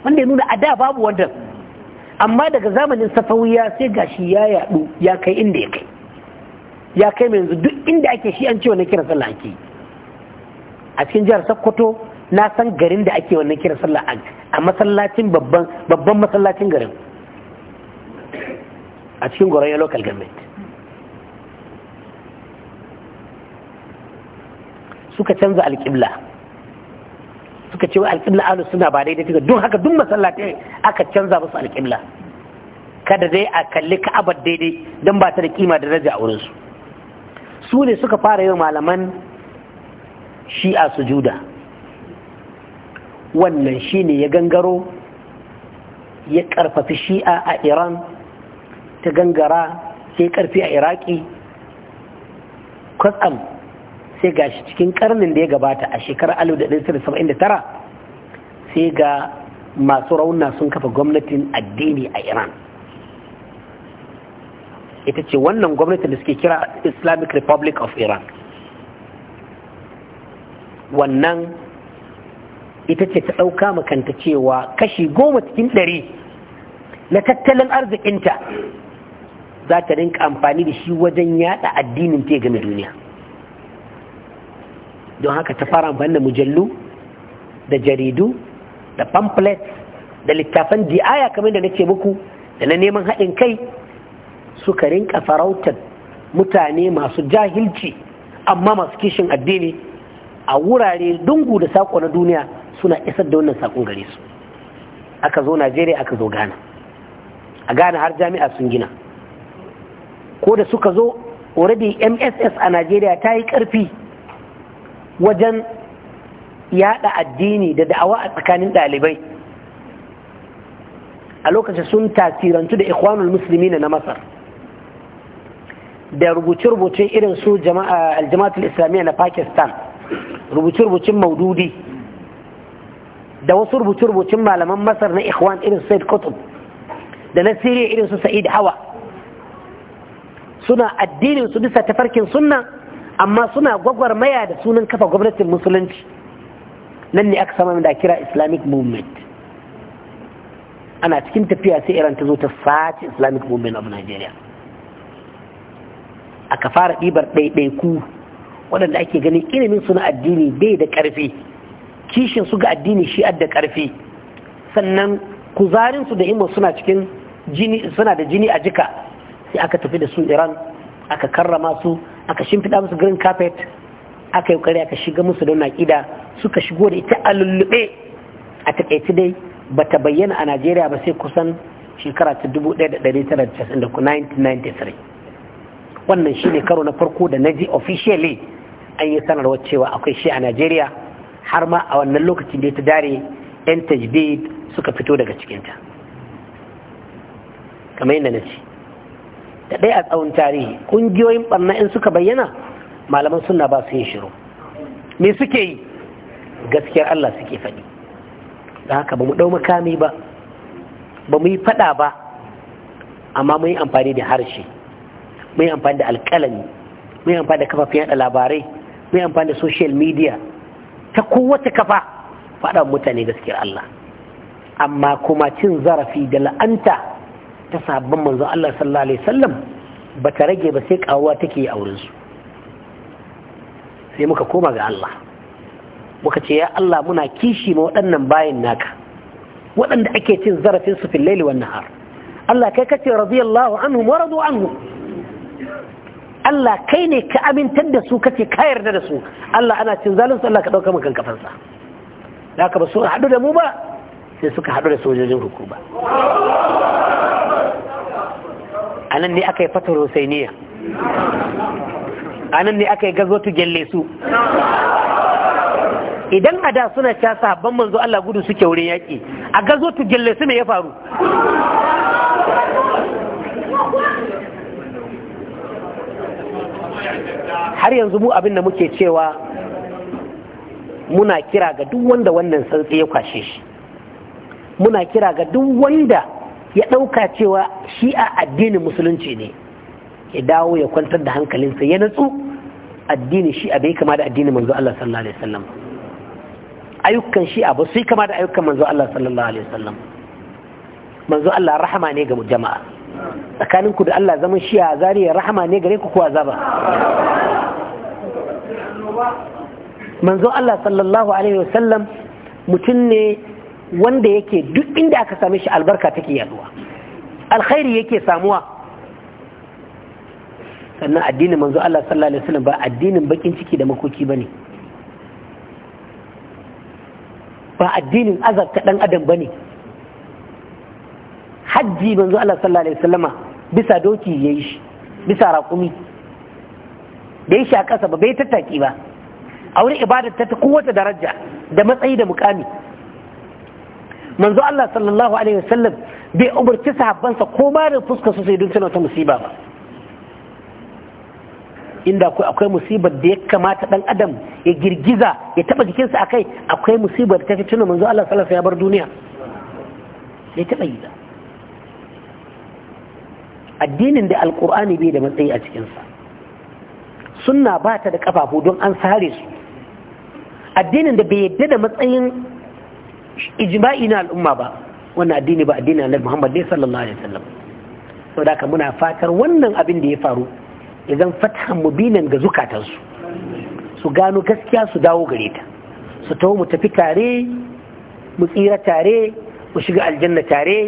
wanda ya nuna a da babu wannan amma daga zamanin safawiya sai gashi ya yaɗu ya kai inda ya kai ya kai mai yanzu duk inda ake shi an ce wannan kira sallah ake a cikin jihar Sokoto na san garin da ake wannan kira sallah a masallacin babban babban masallacin garin a cikin Goroya local government suka canza alƙibla suka ce wa alƙibla ahlu suna ba daidai take don haka duk masallatai aka canza musu alƙibla kada dai a kalli ka'abar daidai don ba ta da kima da daraja a wurinsu su ne suka fara yi malaman shi'a sujuda wannan shi ne ya gangaro ya karfafi shi'a a iran ta gangara sai karfi a iraki kwatsam sai ga cikin karnin da ya gabata a shekarar 1979 sai ga masu rauna sun kafa gwamnatin addini a iran ita ce wannan gwamnatin da suke kira islamic republic of iran wannan ita ce ta ɗauka makanta cewa kashi goma cikin ɗari na tattalin arzikinta za ta rinka amfani da shi wajen yada addinin ta game duniya don haka ta fara amfani da mujallu da jaridu da pamphlet da littafan di'aya kamar da nake muku da na neman haɗin kai suka rinka farautar mutane masu jahilci amma masu kishin addini a wurare dungu da saƙo na duniya suna isar da wannan saƙon gare su aka zo najeriya aka zo ghana a ghana har jami'a sun gina ko da suka zo already mss a najeriya ta yi ƙarfi wajen yada addini da da'awa a tsakanin ɗalibai a lokacin sun tasirantu da ikhwanul musulmi na masar da rubuce-rubucen irin su aljamaatul islamiyya na pakistan rubuce-rubucen maududi da wasu rubuce-rubucen malaman masar na ikhwan irin su said kutub da na siriya irin su sa'id hawa suna addinin su bisa tafarkin sunna amma suna gwagwarmaya da sunan kafa gwamnatin musulunci nan ne aka sama da kira islamic movement ana cikin tafiya sai iran ta zo ta sace islamic movement of nigeria aka fara ɗibar ɗaiɗaiku waɗanda ake ganin ilimin suna addini bai da ƙarfi kishin su ga addini shi da ƙarfi sannan kuzarinsu da imo suna cikin jini suna da jini a jika sai aka tafi da su iran aka karrama su aka shimfiɗa musu green carpet aka yi ƙari aka shiga musu don ƙida suka shigo da ita a a taƙaice dai ba ta bayyana a najeriya ba sai kusan shekara ta 1993 wannan shi ne karo na farko da na ji officially an yi sanarwar cewa akwai shi a najeriya har ma a wannan lokacin da ta dare 'yan tajbid suka fito daga cikinta kamar yadda na ce da ɗaya a tsawon tarihi ƙungiyoyin ɓarna in suka bayyana malaman suna ba su yin shiru me suke yi gaskiyar Allah suke faɗi da haka ba mu ɗau makami ba ba mu yi faɗa ba amma mu yi amfani da harshe mu yi amfani da alƙalami mu yi amfani da kafafen yaɗa labarai mu yi amfani da social media ta kowace kafa faɗa mutane gaskiyar Allah amma kuma cin zarafi da la'anta ta sabon manzo Allah sallallahu alaihi wasallam ba rage ba sai kawuwa take yi a su sai muka koma ga Allah muka ce ya Allah muna kishi ma waɗannan bayin naka waɗanda ake cin zarafin su fillaili wan nahar Allah kai kace radiyallahu anhum wa radu anhu Allah kai ne ka amintar da su kace ka yarda da su Allah ana cin zalunsu Allah ka dauka maka kafansa da haka ba su haɗu da mu ba sai suka haɗu da sojojin hukuma a nan ne aka yi fatar husainiya a nan ne aka yi gazotu gyalle su idan a da suna ca sahabban manzo Allah gudu suke wurin yaƙi a gazo gyalle su me ya faru har yanzu mu abin da muke cewa muna kira ga duk wanda wannan santsi ya kwashe shi muna kira ga duk wanda ya ɗauka cewa shi a addinin musulunci ne ya dawo ya kwantar da hankalinsa ya natsu addini shi a bai kama da addinin manzo Allah sallallahu alaihi wasallam ayyukan shi a ba su kama da ayyukan manzo Allah sallallahu alaihi wasallam manzo Allah rahama ne ga jama'a tsakanin ku da Allah zaman shi a zariya rahama ne gare ku ko azaba manzo Allah sallallahu alaihi wasallam mutum ne wanda yake duk inda aka same shi albarka take yaduwa alkhairi yake samuwa sannan addinin manzo Allah sallallahu alaihi wasallam ba addinin bakin ciki da makoki bane ba addinin azabta dan adam bane hajji manzo Allah sallallahu alaihi wasallama bisa doki yayi shi bisa raƙumi bai shi a ƙasa ba bai tattaki ba a wurin ibadar ta ta kowace daraja da matsayi da mukami manzo Allah sallallahu alaihi wasallam bai umarci sahabbansa ko ma da fuskar su sai dukkan wata musiba ba inda akwai musibar da ya kamata dan adam ya girgiza ya taba jikinsa akai akwai musibar ta fi manzo Allah sallallahu alaihi wasallam ya bar duniya sai ta yi ba addinin da alqur'ani bai da matsayi a cikinsa sunna ba ta da kafafu don an sare su addinin da bai yadda da matsayin ijma'i na al'umma ba wannan addini ba addini na Muhammad ne sallallahu alaihi wasallam saboda ka muna fatar wannan abin da ya faru idan fathan mubinan ga zukatansu su su gano gaskiya su dawo gare ta su taho mu tafi tare mu tsira tare mu shiga aljanna tare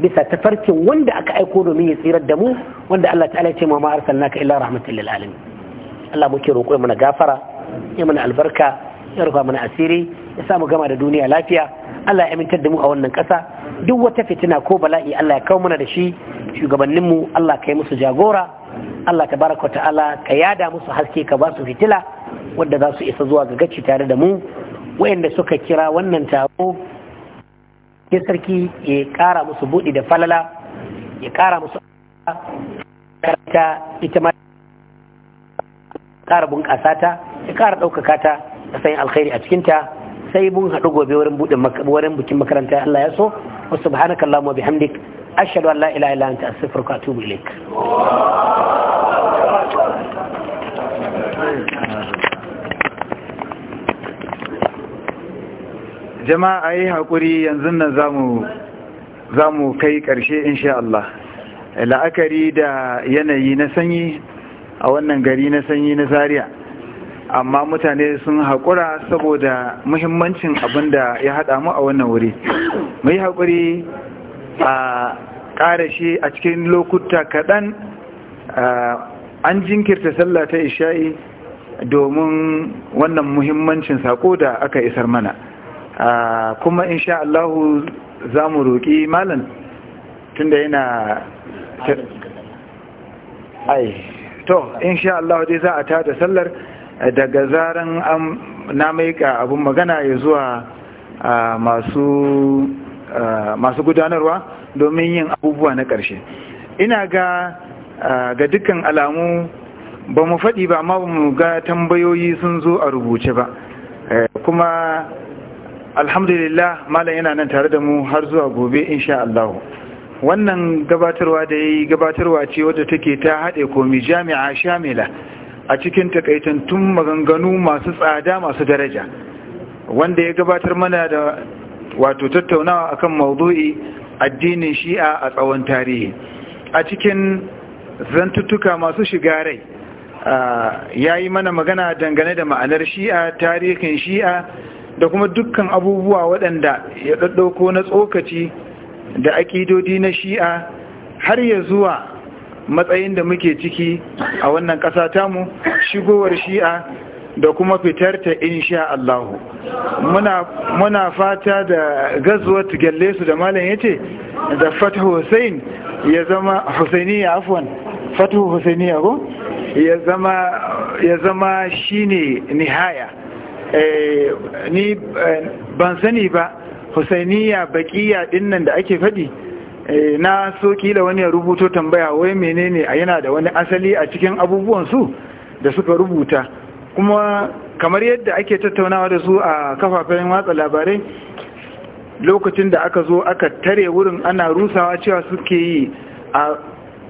bisa tafarkin wanda aka aiko domin ya tsirar da mu wanda Allah ta'ala ya ce ma ma arsalnaka illa rahmatan lil alamin Allah muke roƙo mana gafara ya mana albarka ya rufa mana asiri ya sa mu gama da duniya lafiya Allah ya amintar da mu a wannan ƙasa duk wata fitina ko bala'i Allah ya kawo mana da shi shugabanninmu Allah ka yi musu jagora Allah ta baraka ta'ala ka yada musu haske ka ba su fitila wadda za su isa zuwa ga gaci tare da mu wayanda suka kira wannan taro ya sarki ya kara musu buɗi da falala ya kara musu karanta ita ma kara bunƙasa ta ya kara ɗaukaka ta da sayin alkhairi a cikinta sai mun haɗu gobe wurin buɗe wurin bikin makaranta Allah ya so wa subhanakallahumma wa bihamdik ashhadu an la ilaha illa anta astaghfiruka wa atubu ilaik jama'a yi hakuri yanzu nan za mu kai ƙarshe insha Allah la'akari da yanayi na sanyi a wannan gari na sanyi na Zaria. amma mutane sun haƙura saboda muhimmancin abin da ya haɗa mu a wannan wuri mu yi haƙuri a ƙara shi a cikin lokuta kaɗan an jinkirta sallah ta isha'i domin wannan muhimmancin saƙo da aka isar mana kuma insha Allahu za mu roƙi malam tunda yana ai to insha Allah dai za a tada sallar daga zaran na maika abin magana ya zuwa masu gudanarwa domin yin abubuwa na ƙarshe ina ga ga dukkan alamu ba mu faɗi ba amma mu ga tambayoyi sun zo a rubuce ba eh, kuma alhamdulillah malam yana nan tare da mu har zuwa gobe insha Allah wannan gabatarwa da yi gabatarwa ce wadda take ta haɗe komi jami'a shamila a cikin takaitattun maganganu masu tsada masu daraja wanda ya gabatar mana da wato tattaunawa akan maudu'i addinin shi'a a tsawon tarihi a cikin zantuttuka masu shiga rai ya yi mana magana dangane da ma'anar shi'a tarihin shi'a da kuma dukkan abubuwa waɗanda ya ɗaɗɗauko na tsokaci da aƙidodi na shi'a har ya zuwa matsayin da muke ciki a wannan ƙasa tamu shigowar shi'a da kuma fitar ta insha Allahu muna muna fata da gazwat su da malam yace da Fatih Hussein ya zama Husainiya afwan fathu Husainiya ko ya zama ya zama shine nihaya eh ni eh, ban sani ba Husainiya baqiya dinnan da ake fadi Eh, na so kila wani ya rubuto tambaya wai menene a yana da wani asali a cikin abubuwansu da suka rubuta kuma kamar yadda ake tattaunawa da su a kafafen watsa labarai lokacin da aka zo aka tare wurin ana rusawa cewa suke yi a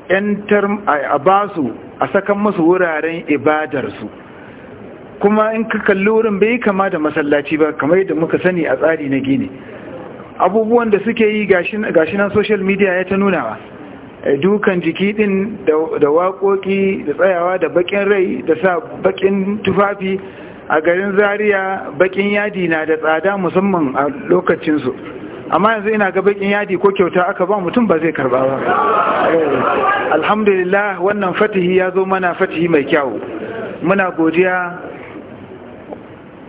yantar a basu a sakan masu wuraren ibadarsu kuma in ka kalli wurin bai kama da masallaci ba kamar yadda muka sani a tsari na gini abubuwan da suke yi gashi nan social media ya ta nunawa eh, dukan jiki din da waƙoƙi da tsayawa da bakin rai da sa bakin tufafi a garin Zariya bakin yadi na da tsada musamman a lokacinsu amma yanzu ina ga bakin yadi ko kyauta aka ba mutum ba zai karba ba eh, alhamdulillah wannan fatihi ya zo mana fatihi mai kyau muna godiya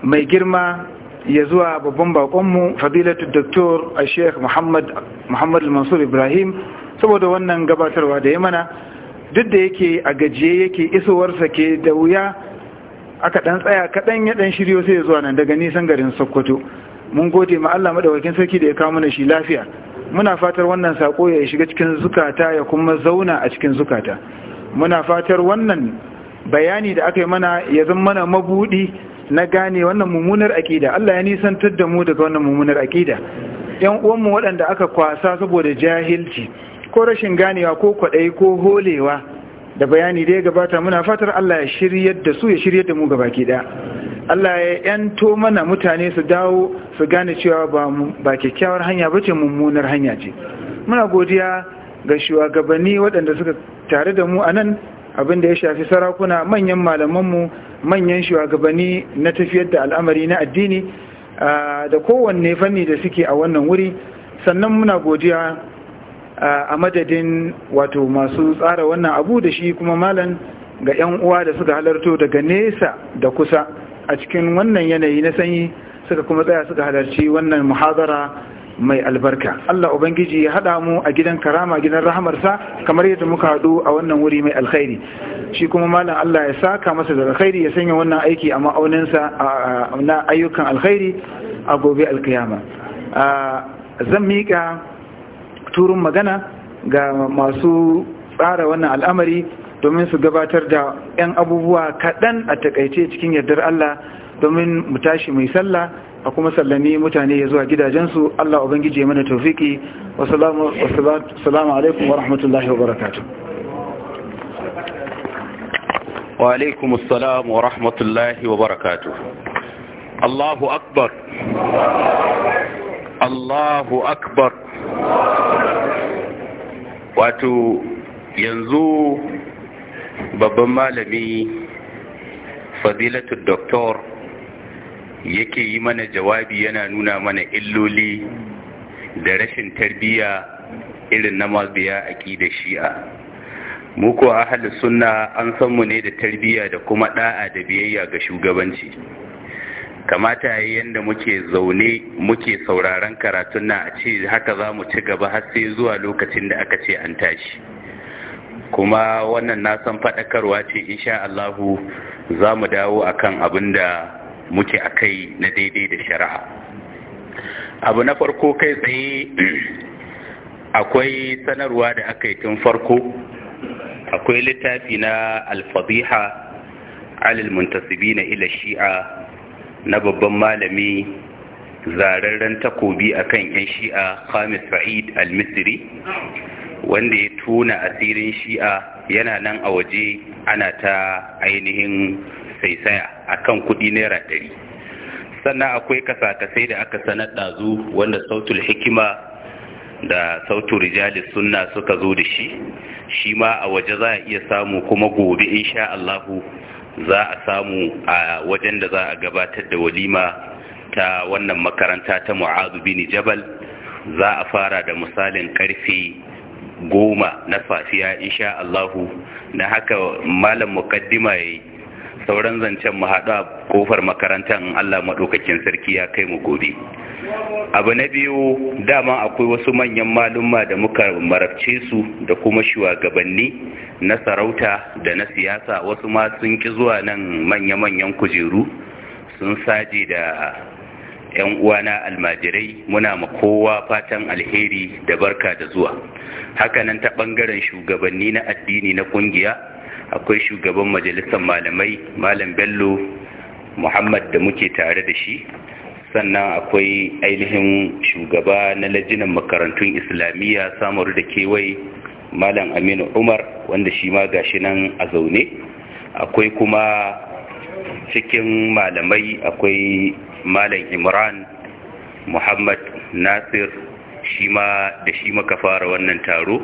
mai girma ya zuwa babban bakonmu fadilatu doktor a sheikh muhammad mansur ibrahim saboda wannan gabatarwa da ya mana duk da yake a gajiye yake isowarsa ke da wuya aka ɗan tsaya kaɗan ya ɗan shiryo sai ya zuwa nan daga nisan garin sokoto mun gode ma Allah madawakin sarki da ya kawo mana shi lafiya muna fatar wannan sako ya shiga cikin zukata ya kuma zauna a cikin zukata muna fatar wannan bayani da aka yi mana ya zama mana mabudi na gane wannan mummunar aƙida Allah ya nisantar da mu daga wannan mummunar aƙida ‘yan uwanmu waɗanda aka kwasa saboda jahilci ko rashin ganewa ko kwaɗayi ko holewa da bayani da ya gabata muna fatar Allah ya shiryar da su ya shiryar da mu gaba ki Allah ya ‘yanto mana mutane su dawo su gane cewa ba kyakkyawar hanya ba ce mummunar hanya ce muna godiya ga shugabanni waɗanda suka tare da mu a nan abin da ya shafi sarakuna manyan malamanmu manyan shugabanni na tafiyar da al'amari na addini da kowanne fanni da suke a wannan wuri sannan muna godiya a madadin wato masu tsara wannan abu da shi kuma malan ga 'yan uwa da suka halarto daga nesa da kusa a cikin wannan yanayi na sanyi suka kuma tsaya suka halarci wannan muhazara mai albarka Allah ubangiji ya haɗa mu a gidan karama gidan rahamarsa kamar yadda muka haɗu a wannan wuri mai alkhairi shi kuma malam Allah ya saka masa da alkhairi ya sanya wannan aiki a ma'auninsa na ayyukan alkhairi a gobe alkiyama zan miƙa turun magana ga masu tsara wannan al'amari domin su gabatar da 'yan abubuwa kaɗan a takaice cikin yardar Allah domin mu tashi mai sallah a kuma sallami mutane zuwa gidajensu Allah ubangiji ya mana tawfiki wa salamu alaikum wa rahmatullahi wa barakatuh wa alaikum assalam wa rahmatullahi wa barakatuh Allahu akbar Allahu akbar wato yanzu babban malami fadilatul doktor yake yi mana jawabi yana nuna mana illoli da rashin tarbiyya irin na mabiya da shi'a mu ko ahalus sunna an san mu ne da tarbiyya da kuma ɗa'a da biyayya ga shugabanci kamata yi yadda muke zaune muke sauraron karatun na a ce haka za mu ci gaba har sai zuwa lokacin da aka ce an tashi kuma wannan nasan faɗakarwa ce insha Allahu za mu dawo akan abin da muke a kai na daidai da shari'a abu na farko kai tsaye [CLEARS THROAT] akwai sanarwa da aka yi tun farko akwai littafi na alfadiha alil muntasibi na ila shi'a na babban malami zararren takobi akan 'yan shi'a khamis sa'id al-misri wanda ya tona asirin shi'a yana nan a waje ana ta ainihin saisaya a kan kuɗi naira ɗari sannan akwai kasa-kasai da aka sanar ɗazu wanda sautul hikima da sautul rijali sunna suka zo da shi shi ma a waje za a iya samu kuma gobe insha Allahu za a samu a wajen da za a gabatar da walima ta wannan makaranta ta mu'azu bin jabal za a fara da misalin karfe goma na safiya insha Allahu na haka malam mukaddima yayi sauran zancen mu haɗu a kofar makarantar Allah maɗaukakin sarki ya kai mu gobe abu na biyu dama akwai wasu manyan malumma da muka marabce su da kuma shugabanni na sarauta da na siyasa wasu ma sun ki zuwa nan manya-manyan kujeru sun saje da 'yan uwana almajirai muna ma kowa fatan alheri da barka da zuwa hakanan ta ɓangaren shugabanni na addini na ƙungiya akwai shugaban majalisar malamai malam bello muhammad da muke tare da shi sannan akwai ainihin shugaba na lajinan makarantun islamiyya samaru da kewai malam aminu umar wanda shi ma gashi nan a zaune akwai kuma cikin malamai akwai malam imran muhammad nasir shi ma da shi maka fara wannan taro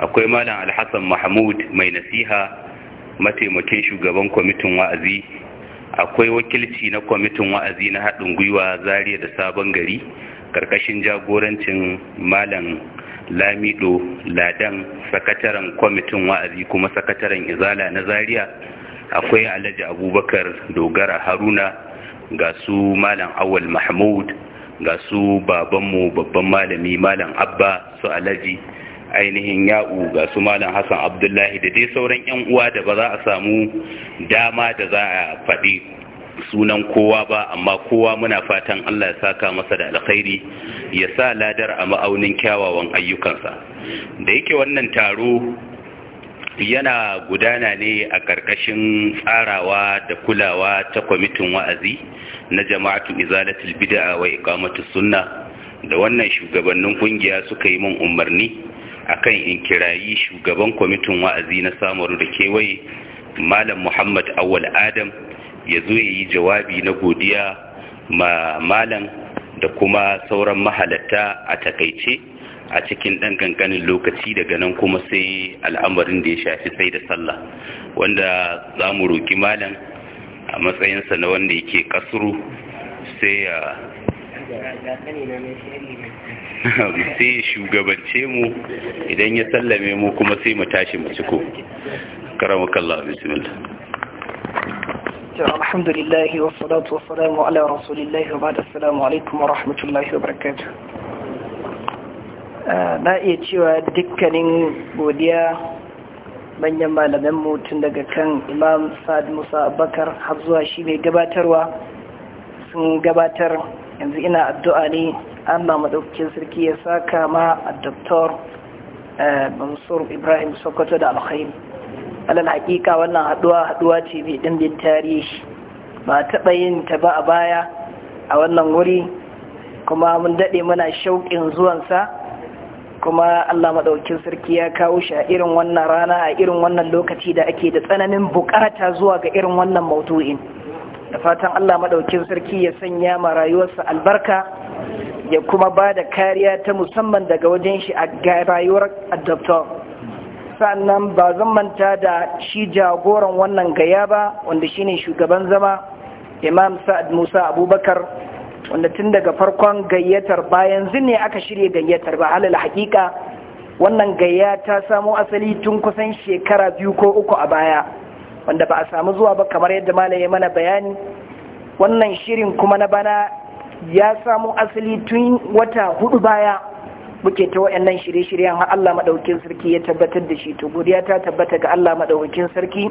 akwai malam alhassan mahmud mai nasiha mataimakin shugaban kwamitin wa'azi akwai wakilci na kwamitin wa'azi na haɗin gwiwa zariya da sabon gari ƙarƙashin jagorancin malam lamido ladan sakataren kwamitin wa'azi kuma sakataren izala na zariya akwai alhaji abubakar dogara haruna ga su malam awal mahmud ga su babanmu babban malami malam abba su alaji ainihin ya'u ga su malam hassan abdullahi da dai sauran 'yan uwa da ba za a samu dama da za a faɗi sunan kowa ba amma kowa muna fatan allah ya saka masa da alkhairi ya sa ladar a ma'aunin kyawawan ayyukansa da yake wannan taro yana gudana ne a ƙarƙashin tsarawa da kulawa ta kwamitin wa'azi na jama'atu izalatul bid'a wa iqamatus sunna da wannan shugabannin kungiya suka yi min umarni akan in kirayi shugaban kwamitin wa'azi na samaru da kewaye malam muhammad awwal adam ya zo ya yi jawabi na godiya ma malam da kuma sauran mahalatta a takaice a cikin ɗan ganganin lokaci daga nan kuma sai al'amarin da ya shafi sai da sallah wanda za mu roki malam a matsayinsa na wanda yake kasuru sai ya sai ya shugabance mu idan ya sallame mu kuma sai mu tashi mu ciko karamakallah bismillah الحمد لله والصلاة والسلام على رسول الله وبعد السلام عليكم ورحمة الله وبركاته na iya cewa dukkanin godiya manyan malaman tun daga kan imam sa'ad musa abakar har zuwa shi mai gabatarwa sun gabatar yanzu ina addu'a ne allah sarki ya saka ma a doktor eh, mansur ibrahim sokoto da alkhairi alal hakika wannan haɗuwa haɗuwa ce mai ɗimbin tarihi ba taɓa yin ta ba a baya a wannan wuri kuma mun daɗe muna shauƙin zuwansa kuma Allah Maɗaukin sarki ya kawo shi a irin wannan rana a irin wannan lokaci da ake da tsananin bukata zuwa ga irin wannan mautu'in da fatan Allah Maɗaukin sarki ya sanya ma rayuwarsa albarka ya kuma ba da kariya ta musamman daga wajen shi a rayuwar adaptor sannan ba zan manta da shi jagoran wannan gaya ba wanda shine shugaban zama imam sa'ad musa abubakar wanda tun daga farkon gayyatar ba yanzu ne aka shirya gayyatar ba halal hakika wannan gayya ta samo asali tun kusan shekara biyu ko uku a baya wanda ba a samu zuwa ba kamar yadda ya mana bayani wannan shirin kuma na bana ya samo asali tun wata hudu baya muke ta nan shirye-shiryen har Allah Maɗaukin sarki ya tabbatar da shi to godiya ta tabbata ga Allah Maɗaukin sarki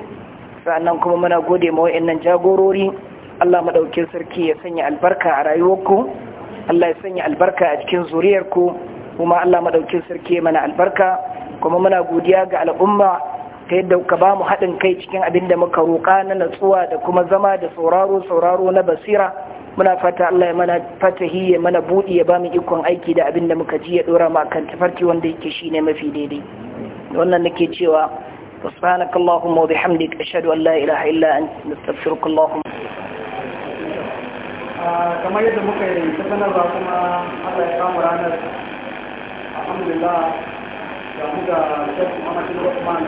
sannan kuma muna gode ma waɗannan jagorori Allah madaukin sarki ya sanya albarka a rayuwarku Allah ya sanya albarka a cikin zuriyarku kuma Allah madaukin sarki mana albarka kuma muna godiya ga al'umma ta yadda ka ba mu haɗin kai cikin abin da muka roƙa na natsuwa da kuma zama da sauraro sauraro na basira muna fata Allah ya mana fatahi ya mana buɗi ya ba mu ikon aiki da abin da muka ji ya ɗora mu akan tafarki wanda yake ne mafi daidai wannan nake cewa subhanakallahumma wa bihamdika ashhadu an la ilaha illa anta astaghfiruka allahumma kamar yadda muka yi ta ba kuma Allah ya kama ranar alhamdulillah ga muka ga shakku ana cikin wasu